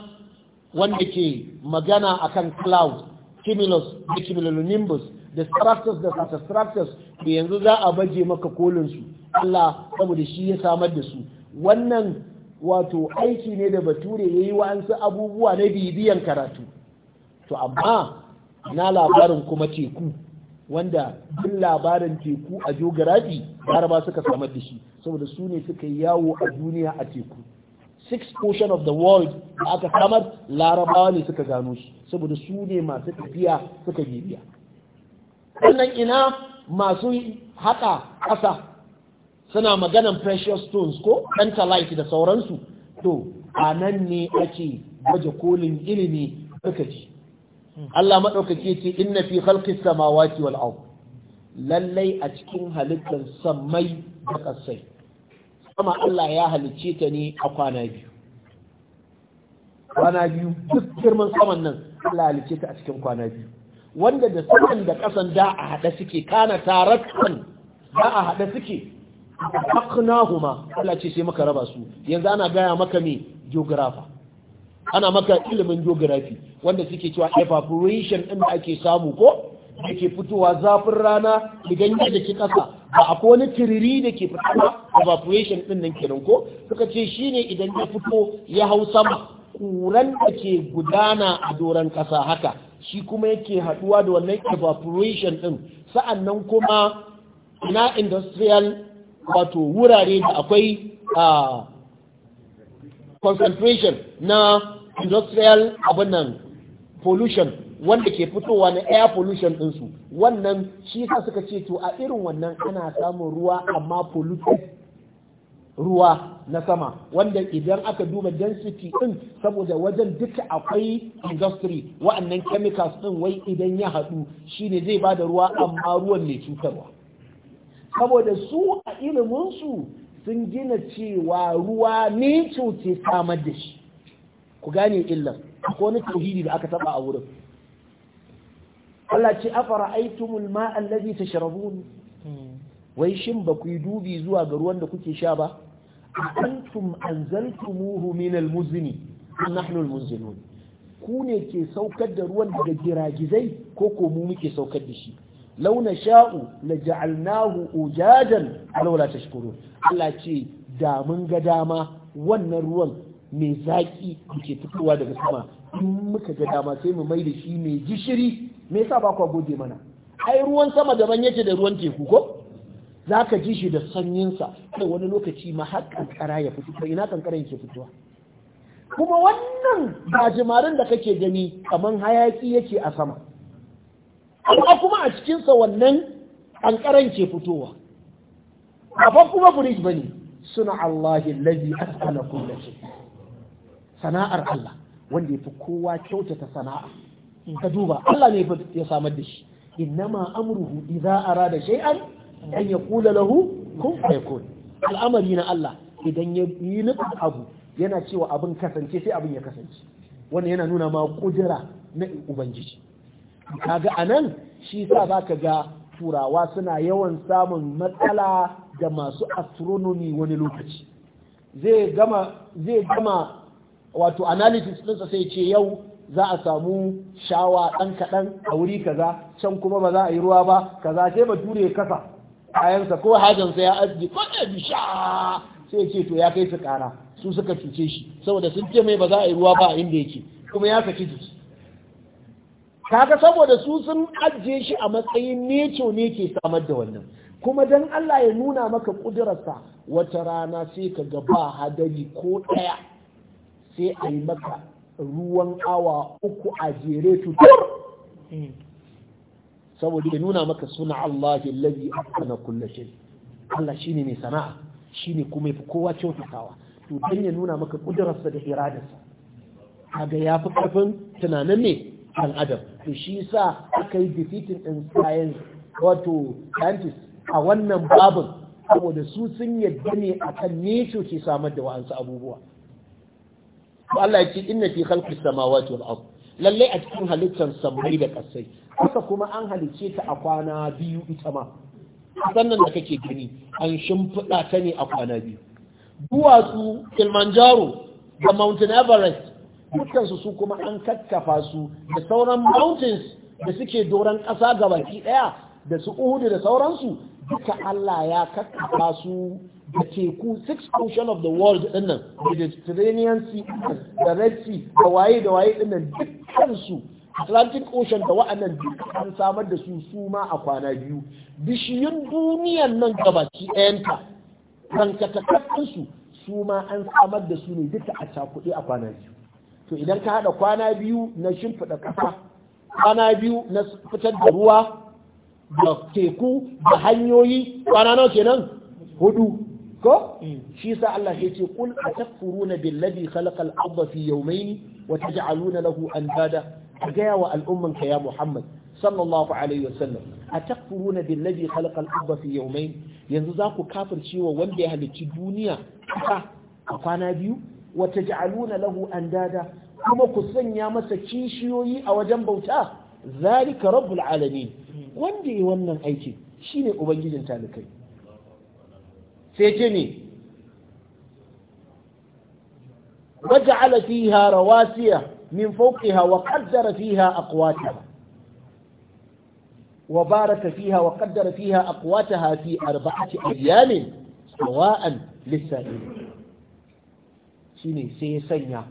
wanda ke magana akan cloud cumulus da cumulonimbus da structures da da yanzu za a baje maka kolinsu Allah saboda shi ya samar da su wannan wato aiki ne da bature ya yi wa'ansu abubuwa na bibiyan karatu to amma na labarin kuma teku wanda duk labarin teku a geography ba suka samar da shi saboda su ne suka yawo a duniya a teku six portion of the world da aka samar larabawa ne suka gano shi saboda su ne masu tafiya suka bibiya wannan ina masu haka ƙasa suna maganan precious stones ko pentalite da sauransu to a nan ne ake baje kolin ilimi suka ji Allah maɗaukaki ce inna fi khalqis samawati wal ard lallai a cikin halittar samai da ƙasai sama Allah ya halicce ta ne a kwana biyu kwana biyu duk girman saman nan Allah halicce ta a cikin kwana biyu wanda da saman da ƙasan da a haɗa suke kana taratan da a haɗa suke huma, Allah ce sai maka raba su yanzu ana gaya maka mai geografa. ana maka ilimin geografi wanda suke cewa evaporation ɗin da ake samu ko da ke fitowa zafin rana idan ya ke ƙasa ba akwai wani tiriri da ke fitowa evaporation ɗin nan kenan ko suka ce shine idan ya fito ya hau sama ƙuran da ke gudana a doron ƙasa haka shi kuma yake haɗuwa da wannan evaporation ɗin sa'annan kuma na industrial wato wurare da akwai concentration na industrial abin nan pollution wanda ke fitowa na air pollution ɗinsu wannan shi sa suka ce to a irin wannan ana samun ruwa amma polluted ruwa na sama wanda idan aka duba density ɗin saboda wajen duka akwai industry wa'annan chemicals ɗin wai idan ya haɗu shi ne zai ba da ruwa amma ruwan mai cutarwa saboda su a iliminsu sun gina cewa ruwa ne cuce samar da shi ku gane illar akwai wani tauhidi da aka taba a wurin Allah ce afara aitumul ma allazi tashrabun wai shin ba ku yi dubi zuwa ga ruwan da kuke sha ba antum anzaltumuhu min almuzni nahnu almunzilun ku ne ke saukar da ruwan daga giragizai ko ko mu muke saukar da shi law nasha'u laja'alnahu ujadan law la tashkurun Allah ce da mun ga dama wannan ruwan mai zaƙi ke fitowa daga sama in muka ga dama sai mu mai da shi mai gishiri me yasa ba kwa gode mana ai ruwan sama daban yake da ruwan teku ko za ka ji shi da sanyinsa kai wani lokaci ma har kankara ya fito ko ina kankara yake fitowa kuma wannan gajimarin da kake gani kaman hayaki yake a sama amma kuma a cikin sa wannan kankaran ke fitowa a kuma firij bane suna Allahi lazi asala kullu sana'ar Allah wanda ya fi kowa kyautata sana'a in ka duba Allah ne ya samar da shi innama amruhu idza arada shay'an an yaqula lahu kun fayakun al'amari na Allah idan ya yi nufin abu yana cewa abin kasance sai abin ya kasance wannan yana nuna ma kudura na ubangiji kaga anan shi sa zaka ga turawa suna yawan samun matsala da masu astronomy wani lokaci zai gama wato analysis ɗinsa sai ce yau za a samu shawa ɗan kaɗan a wuri kaza can kuma ba za a yi ruwa ba kaza sai ba ture kasa kayansa ko hajjansa ya ajiye ko ya bi sha sai ce to ya kai su kara su suka cuce shi saboda sun ce mai ba za a yi ruwa ba a inda yake kuma ya saki jiki kaga saboda su sun ajiye shi a matsayin neco ne ke samar da wannan kuma dan Allah ya nuna maka kudurarsa wata rana sai ka ga ba hadari ko ɗaya sai a yi maka ruwan awa uku a jere tutur hmm. saboda ya nuna maka suna Allah a kana kulle shi Allah shine mai sana'a shine kuma fi kowa kyautatawa to don ya nuna maka kudurarsa da iradarsa kaga ya fi karfin tunanin ne dan adam to shi sa aka yi defeating in science wato scientist a wannan babin saboda su sun yadda ne akan ne ke samar da wa'ansu abubuwa Allah ya ce inna fi khalqis samawati wal ard lalle a cikin halittar sammai da kasai haka kuma an halice ta a kwana biyu ita ma sannan da kake gani an shimfiɗa ta ne a kwana biyu duwatsu kilimanjaro da mountain everest dukkansu su kuma an kakkafa su da sauran mountains da suke doron ƙasa ga baki ɗaya da su uhudu da sauransu duka Allah ya kakkaba su da teku six ocean of the world din nan Mediterranean Sea da Red Sea da waye da waye din nan dukkan Atlantic Ocean da wa'annan an samar da su su ma a kwana biyu bishiyun duniyan nan gabaki ɗayanta rankatakattun su su ma an samar da su ne duka a cakuɗe a kwana biyu to idan ka haɗa kwana biyu na shimfiɗa ƙasa kwana biyu na fitar da ruwa da teku da hanyoyi kwana kenan hudu ko mm. shi sa Allah ya ce kul atakfuruna billazi khalaqal arda fi yawmayn wa taj'aluna lahu andada gaya wa al'umman ya Muhammad sallallahu alaihi wasallam na billazi khalaqal arda fi yawmayn yanzu za ku kafirce wa wanda ya halicci duniya a kwana biyu Wata taj'aluna lahu andada kuma ku sanya masa kishiyoyi a wajen bauta zalika rabbul alamin wanda yi wannan aiki shine ubangijin talikai sai ce ne waja'ala fiha rawasiya min fawqiha wa qaddara fiha aqwataha wa baraka fiha wa qaddara fiha aqwataha fi arba'ati ayyamin sawa'an lis-sa'ilin shine sai ya sanya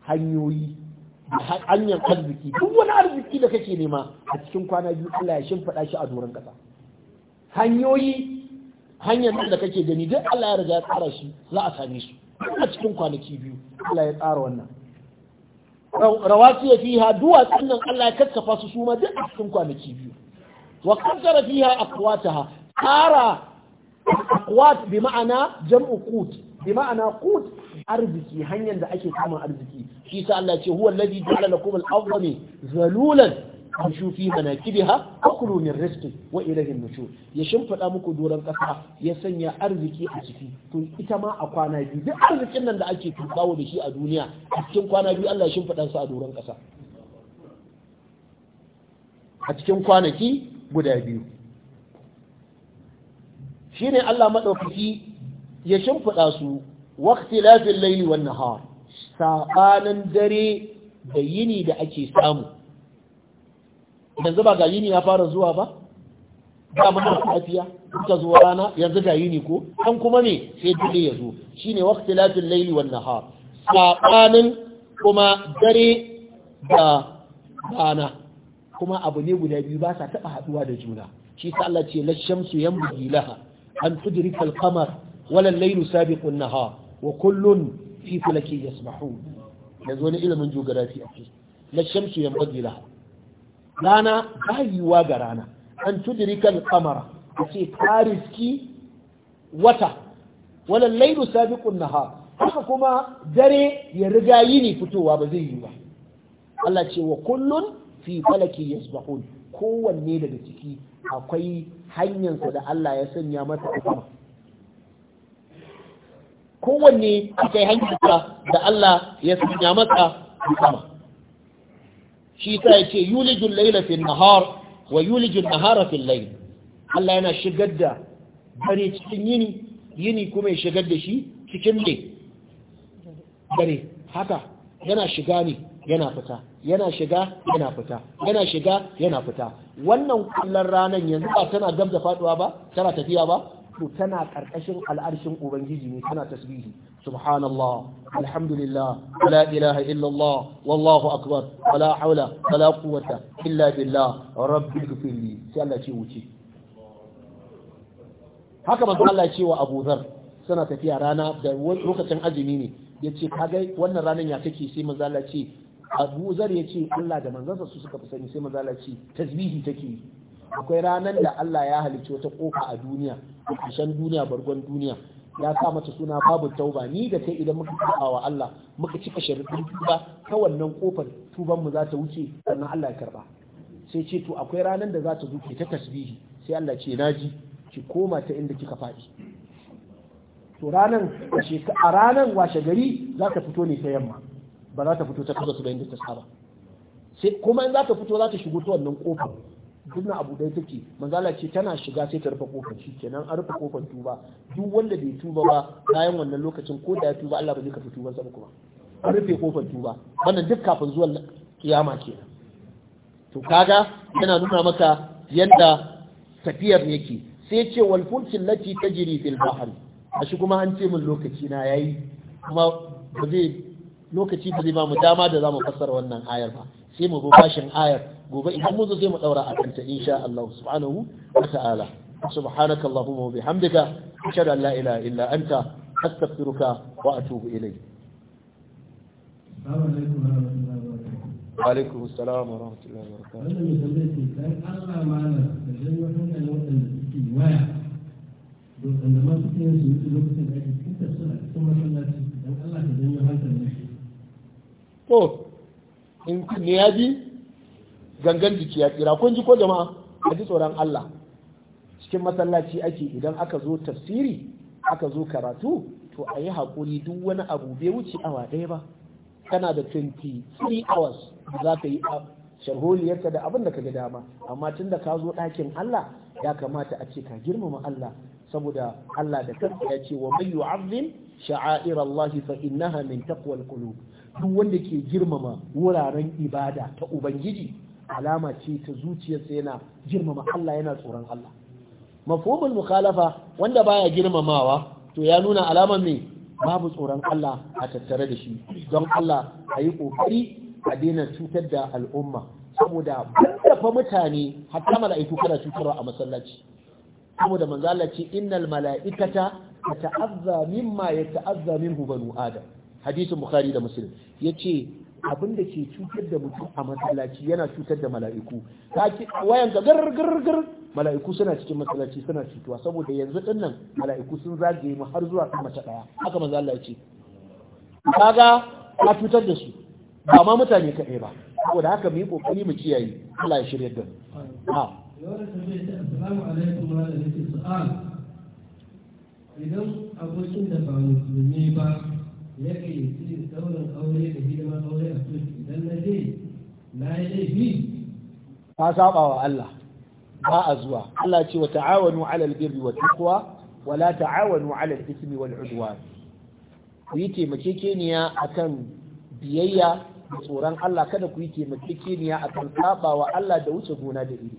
hanyoyi da hanyar arziki duk wani arziki da kake nema a cikin kwana biyu Allah ya shimfiɗa shi a doron kasa. hanyoyi hanyar da kake gani duk Allah ya riga ya tsara shi za a same su a cikin kwanaki biyu Allah ya tsara wannan rawasiya fiha duwa nan Allah ya kakkafa su su ma duk a cikin kwanaki biyu wa kaddara fiha aqwataha tsara aqwat bi ma'ana jam'u qut bi ma'ana qut arziki hanyar da ake samun arziki shi sa Allah ce huwa alladhi ja'ala lakum al-ardha zalulan amshu fi manakibiha akulu min rizqi wa ilayhi an-nushur ya shimfida muku doran kasa ya sanya arziki a ciki to ita ma a kwana biyu duk arzikin nan da ake tubawo da shi a duniya a cikin kwana biyu Allah ya shimfida su a doran kasa a cikin kwanaki guda biyu shine Allah madaukaki ya shimfida su waqtilafil layli wan nahar sabanin dare da yini da ake samu yanzu ba ga yini ya fara zuwa ba da mun tafiya ta zuwa rana yanzu ga yini ko kan kuma ne sai dare ya zo shine waqtilafil layli wan nahar sabanin kuma dare da rana kuma abu ne guda biyu ba sa taba haduwa da juna shi sa Allah ce la shamsu yanbughi laha an tudrika al-qamar wala al-laylu sabiqu an-nahar wa kullun fi falaki yasbahun yanzu wani ilimin geography a ciki na shamsu yan bagila rana yiwuwa ga rana an tudrikal qamara ce kariski wata wala laylu sabiqun nahar haka kuma dare ya riga yini fitowa ba zai yi ba Allah ce wa kullun fi falaki yasbahun kowanne daga ciki akwai hanyarsa da Allah ya sanya mata a sama kowanne kai hanyarsa da Allah ya sanya maka sama shi ta ya ce yulijin laila fi nahar wa yulijin nahara fi lail Allah yana shigar da dare cikin yini yini kuma ya shigar da shi cikin ne dare haka yana shiga ne yana fita yana shiga yana fita yana shiga yana fita wannan kullun ranan yanzu ba tana gamza faduwa ba tana tafiya ba to tana ƙarƙashin al'arshin ubangiji ne tana tasbihi subhanallah alhamdulillah la ilaha illallah wallahu akbar wala haula wala quwwata illa billah rabbi ghfirli sai Allah ce wuce haka manzo Allah ya ce wa Abu Dharr suna tafiya rana da lokacin azumi ne yace kaga wannan ranan ya take sai manzo Allah ce Abu ya ce Allah da manzansa su suka fi sani sai manzo Allah ce tasbihi take akwai ranar da Allah ya halicci wata kofa a duniya ƙarshen duniya bargon duniya ya sa mata suna babu tauba ni da kai idan muka tuba wa Allah muka cika sharuɗin tuba ta wannan kofar tuban mu za ta wuce sannan Allah ya karba sai ce to akwai ranar da za ta zuke ta tasbihi sai Allah ce naji ki koma ta inda kika faɗi to ranan a ranan washe gari za ta fito ne ta yamma ba za ta fito ta kaza su da inda ta saba sai kuma in za ta fito za ta shigo ta wannan kofar duna abu ɗaya take manzala ce tana shiga sai ta rufe kofar shi kenan an rufe kofar tuba duk wanda bai tuba ba bayan wannan lokacin ko da ya tuba Allah ba zai karɓi tuban sa kuma an rufe kofar tuba wannan duk kafin zuwan kiyama kenan to kaga yana nuna maka yanda tafiyar yake sai ce wal fulkin lati tajri fil bahr ashi kuma an ce min lokaci na yayi kuma ba zai lokaci ba zai ba mu dama da zamu fassara wannan ayar ba sai mu bashin ayar gobe idan mu zo sai mu daura a kan ta insha Allah subhanahu wa ta'ala subhanaka allahumma wa bihamdika ashhadu an la ilaha illa anta astaghfiruka wa atubu ilayk wa alaikum assalam wa rahmatullahi wa barakatuh to in ne ya bi gangan jiki ya tsira kun ji ko jama'a a ji tsoron Allah cikin masallaci ake idan aka zo tafsiri aka zo karatu to a yi haƙuri duk wani abu bai wuce awa ɗaya ba kana da 23 hours za ka yi sharholiyarka da abin da ka ga dama amma tun da ka zo ɗakin Allah ya kamata a ce ka girmama Allah saboda Allah da kansa ya ce wa mai yu'azzim sha'air Allah fa innaha min taqwal qulub duk wanda ke girmama wuraren ibada ta ubangiji alama ce ta zuciyarsa yana girmama Allah yana tsoron Allah mafhumul mukhalafa wanda baya girmamawa to ya nuna alama me babu tsoron Allah a tattare da shi don Allah a yi kokari a daina cutar da al'umma saboda fa mutane hatta mala'iku kada cutarwa a masallaci saboda manzo Allah ce innal mala'ikata tata'azza mimma yata'azza minhu banu adam hadisin bukhari da muslim ce abin da ke cutar da mutum a masallaci yana cutar da mala'iku wayan ka gargargar mala'iku suna cikin masallaci suna cutuwa saboda yanzu din mala'iku sun zagaye mu har zuwa kan mace daya haka manzo Allah ya ce kaga ka cutar da su ba ma mutane kaɗai ba saboda haka mu yi kokari mu kiyaye Allah ya shirye da mu ha assalamu alaikum wa rahmatullahi idan abokin da ba musulmi ba ya gayyaci daurin aure da hidimar aure a turki. idan na je na yi laifi ka saba wa Allah ba a zuwa Allah ce wa ta'awanu 'alal birri wat taqwa wa la ta'awanu 'alal ismi wal 'udwan ku yi taimakekeniya akan biyayya da tsoron Allah kada ku yi taimakekeniya akan saba wa Allah da wuce gona da iri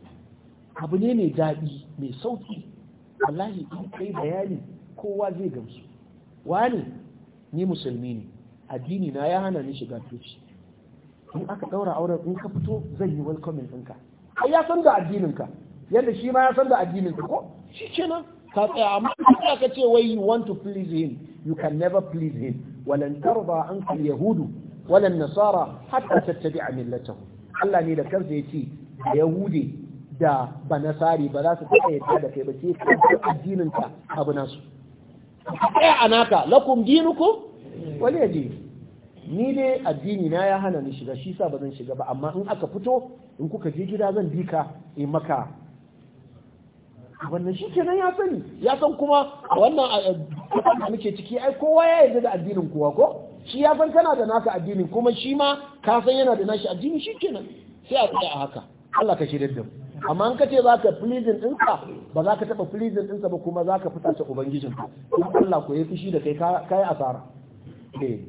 abu ne mai daɗi mai sauki wallahi in kai bayani kowa zai gamsu wani ni musulmi ne addini na ya hana ni shiga coci in aka daura auren in ka fito zan yi welcoming ɗinka ai ya san da addininka yadda shi ma ya san da addininka ko shi kenan ka tsaya amma in ka ce wai you want to please him you can never please him walan tarda anka yahudu walan nasara hatta tattabi'a millatahu Allah ne da kansa yace yahudi da banasari ba za su taɓa yadda da kai ba sai ka addinin ka abu nasu tsaya a naka lakum dinuku wale dini ni ne addini na ya hana ni shiga shi sa ba zan shiga ba amma in aka fito in kuka je gida zan bi ka in maka wannan shi kenan ya sani ya san kuma wannan eh, da muke ciki ai kowa ya yarda da addinin kowa ko shi ya san kana da naka addinin kuma shi ma ka san yana da nashi addini shi kenan sai a tsaya a haka Allah ka shirya da amma in ka ce za ka pleasing ɗinsa ba za ka taɓa pleasing ɗinsa ba kuma za ka fita ce ubangijin in Allah ko ya fushi da kai kai asara eh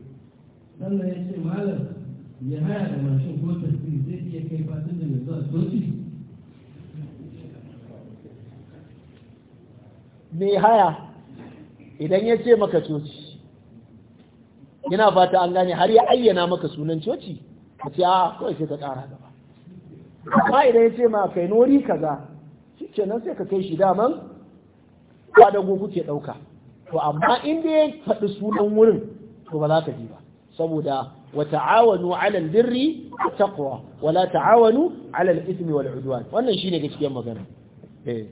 Allah ya ce malam ya haya da mashin ko tafi zai iya kai fatin da mai zuwa soci mai haya idan ya ce maka coci yana fata an gane har ya ayyana maka sunan coci ka ce a ah, kawai sai ka ƙara gaba ba idan ya ce ma kai nori kaza shi ce nan sai ka kai shi daman gugu kuke ɗauka to amma in da ya faɗi sunan wurin to ba za ka ji ba saboda wa ta'awanu 'ala al wa taqwa wa la ta'awanu 'ala al wal 'udwan wannan shine cikin magana eh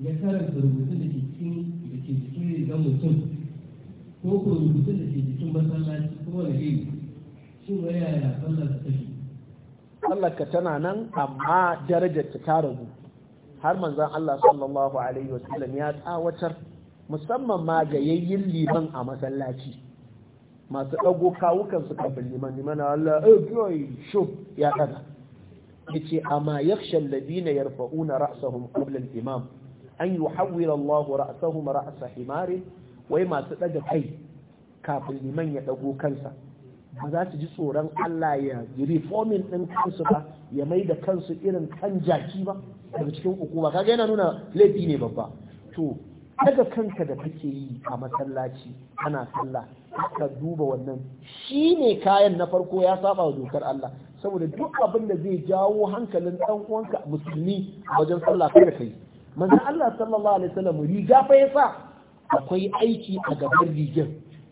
ya karanta rubutun da ke cikin da ke cikin rigar mutum ko ko rubutun da ke jikin masallaci kuma da gini shi wa yaya sallar ta tafi sallar tana nan amma darajar ta ta ragu har manzon Allah sallallahu alaihi wasallam ya tsawatar musamman ma ga yayyin liman a masallaci masu dago kawukan su kafin liman liman Allah eh boy shop ya kaza yace amma yakhsha alladhina yarfa'una ra'sahum qabla al-imam an yuhawwila Allah ra'sahum ra'sa himarin wai masu ɗaga kai kafin liman ya ɗago kansa ba za su ji tsoron Allah ya reforming ɗin kansu ba ya mai da kansu irin kan jaki ba daga cikin hukuma kaga yana nuna laifi ne babba to daga kanka da kake yi a masallaci ana sallah ka duba wannan shi ne kayan na farko ya saba wa dokar Allah saboda duk abin da zai jawo hankalin ɗan uwanka musulmi wajen sallah kai da kai manzo Allah sallallahu alaihi wasallam riga fa ya sa akwai aiki a gaban rigar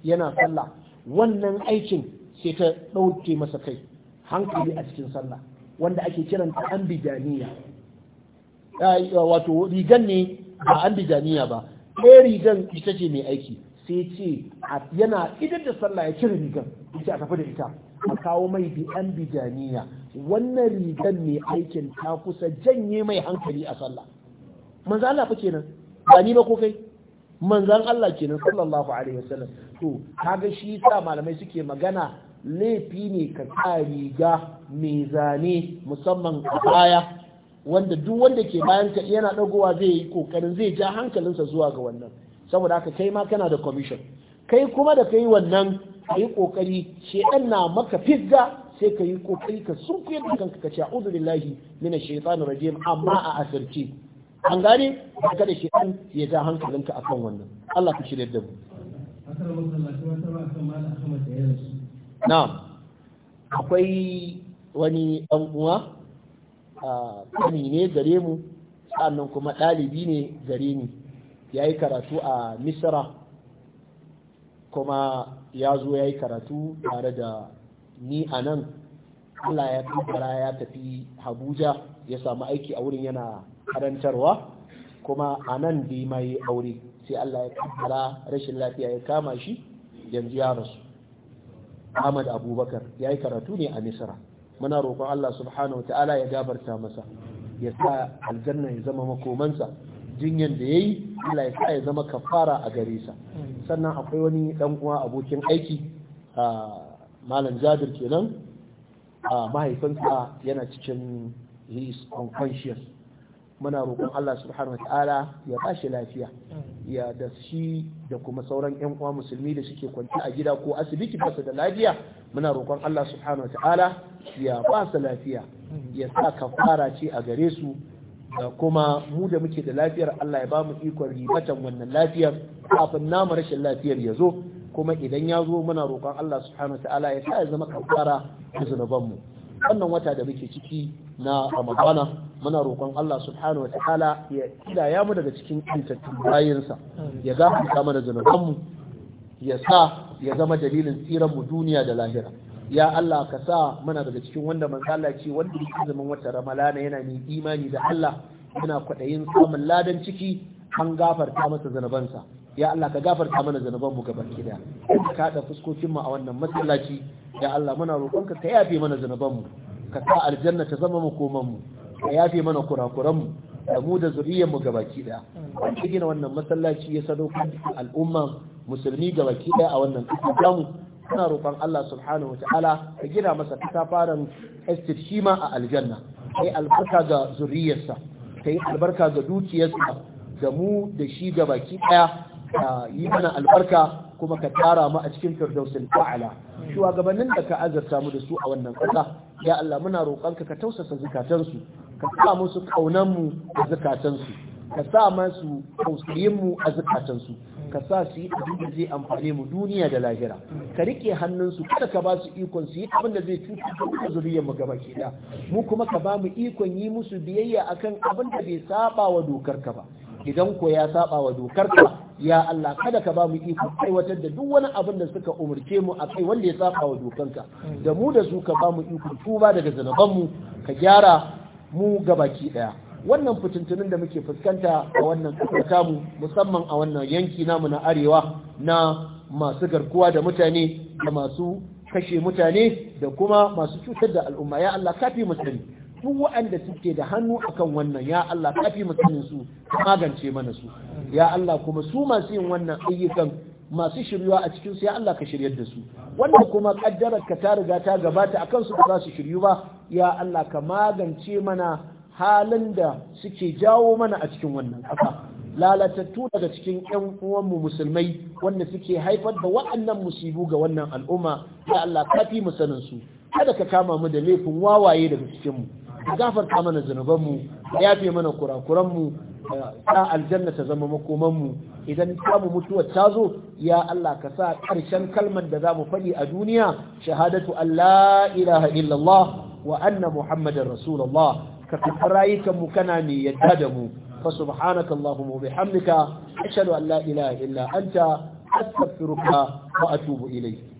yana sallah wannan aikin sai ta ɗauke masa kai hankali a cikin sallah wanda ake kiran an ambijaniya wato rigan ne ba ambijaniya ba ɗaya rigan ita ce mai aiki sai ce yana idan da sallah ya cire rigan ita a tafi da ita a kawo mai bi ambijaniya wannan rigan mai aikin ta kusa janye mai hankali a sallah manzo Allah fa kenan ba ni ba ko kai manzan Allah kenan sallallahu alaihi wasallam to kaga shi sa malamai suke magana laifi ne ka sa riga mai zane musamman a baya wanda duk wanda ke bayan ka yana dagowa zai yi kokarin zai ja hankalinsa zuwa ga wannan saboda haka kai ma kana da commission kai kuma da kai wannan kai kokari shedan na maka fizza sai ka yi kokari ka sunkuyar da kanka ka ce a'udhu billahi minash shaitanir rajim amma a asirce an gane ka da an ya ja hankalinka akan wannan Allah ka shirya da mu na akwai wani ɗan uwa a kani ne gare mu sannan kuma ɗalibi ne gare ni ya yi karatu a misra kuma ya zo ya yi karatu tare da ni a nan Allah ya ya tafi Abuja. ya samu aiki a wurin yana karantarwa kuma a nan bi ma yi aure sai Allah ya kaddara rashin lafiya ya kama shi yanzu ya rasu Ahmad Abubakar ya yi karatu ne a Misra muna roƙon Allah subhanahu ta'ala ya gabarta masa ya sa aljanna ya zama makomansa jinyan da yayi Allah ya sa ya zama kafara a gare sa sannan akwai wani dan uwa abokin aiki a ah, malam Jabir kenan a ah, mahaifinsa yana cikin he is unconscious muna roƙon Allah subhanahu wataala ya ba shi lafiya ya da shi da kuma sauran yan uwa musulmi da suke kwanci a gida ko asibiti ba su da lafiya muna roƙon Allah subhanahu wataala ya ba su lafiya ya sa kafara ce a gare su da kuma mu da muke da lafiyar Allah ya ba mu ikon ribatan wannan lafiyar kafin namu rashin lafiyar ya zo kuma idan ya zo muna roƙon Allah subhanahu wataala ya sa ya zama kafara ga zunubanmu wannan wata da muke ciki na ramadana muna roƙon Allah subhanahu wataala ya kidaya mu daga cikin kintattun bayinsa ya gafarta mana mu, ya sa ya zama dalilin tsiran mu duniya da lahira ya Allah ka sa muna daga cikin wanda manzo Allah ce wanda yake zaman wata ramadana yana mai imani da Allah yana kwaɗayin samun ladan ciki an gafarta masa zanubansa ya Allah ka gafarta mana zanuban mu gaba ki da ka da fuskokin mu a wannan masallaci ya Allah muna roƙonka ka yafe mana zanuban mu ka sa aljanna ta zama makoman mu ka yafe mana kurakuran mu da mu da zuriyar mu gaba da gina wannan masallaci ya sadaukar al'umma musulmi gabaki ki da a wannan kasa mu muna roƙon Allah subhanahu wataala ka gina masa kasafaran estate shi ma a aljanna kai albarka ga zuriyarsa kai albarka ga dukiyarsa da mu da shi gabaki daya ka yi mana albarka kuma ka tara mu a cikin firdausul fa'ala shugabannin da ka azarta mu da su a wannan ƙasa ya Allah muna roƙonka ka tausasa zukatansu ka sa musu kaunan mu a zukatansu ka sa musu tausayin mu a zukatansu ka sa su yi abin da zai amfane mu duniya da lahira ka rike hannunsu kada ka ba su ikon su yi abin da zai cutar da zuriyar mu gaba ke mu kuma ka ba mu ikon yi musu biyayya akan abin da bai saba wa dokar ka ba idan ko ya saba wa dokar ka ya Allah kada ka ba mu iko aiwatar da duk wani abin da suka umarce mu a kai wanda ya saba wa dokanka da mu da su ka ba mu iko tuba daga zanaban mu ka gyara mu gabaki daya wannan fitintunin da muke fuskanta a wannan kasar mu musamman a wannan yanki namu na arewa na masu garkuwa da mutane da masu kashe mutane da kuma masu cutar da al'umma ya Allah kafi mu duk waɗanda suke da hannu akan wannan ya Allah kafi mutumin su magance mana su ya Allah kuma su masu yin wannan ayyukan masu shiryuwa a cikin su ya Allah ka shiryar da su wanda kuma kaddarar ka ta riga ta gabata akan su ba za su shiryu ba ya Allah ka magance mana halin da suke jawo mana a cikin wannan ƙasa lalatattu daga cikin 'yan uwanmu musulmai wanda suke haifar da waɗannan musibu ga wannan al'umma ya Allah kafi mu su kada ka kama mu da laifin wawaye daga cikinmu da gafarta mana zunubanmu da yafe mana kurakuranmu mu ta aljanna ta zama makomanmu idan samu mutuwar ta zo ya Allah ka sa ƙarshen kalmar da za mu faɗi a duniya shahadatu Allah ilaha illallah wa anna muhammadar rasulullah ka karɓi rayukanmu kana mai yadda da mu fa subhanaka allahumma wa bihamdika ashhadu an la ilaha illa anta astaghfiruka wa atubu ilayk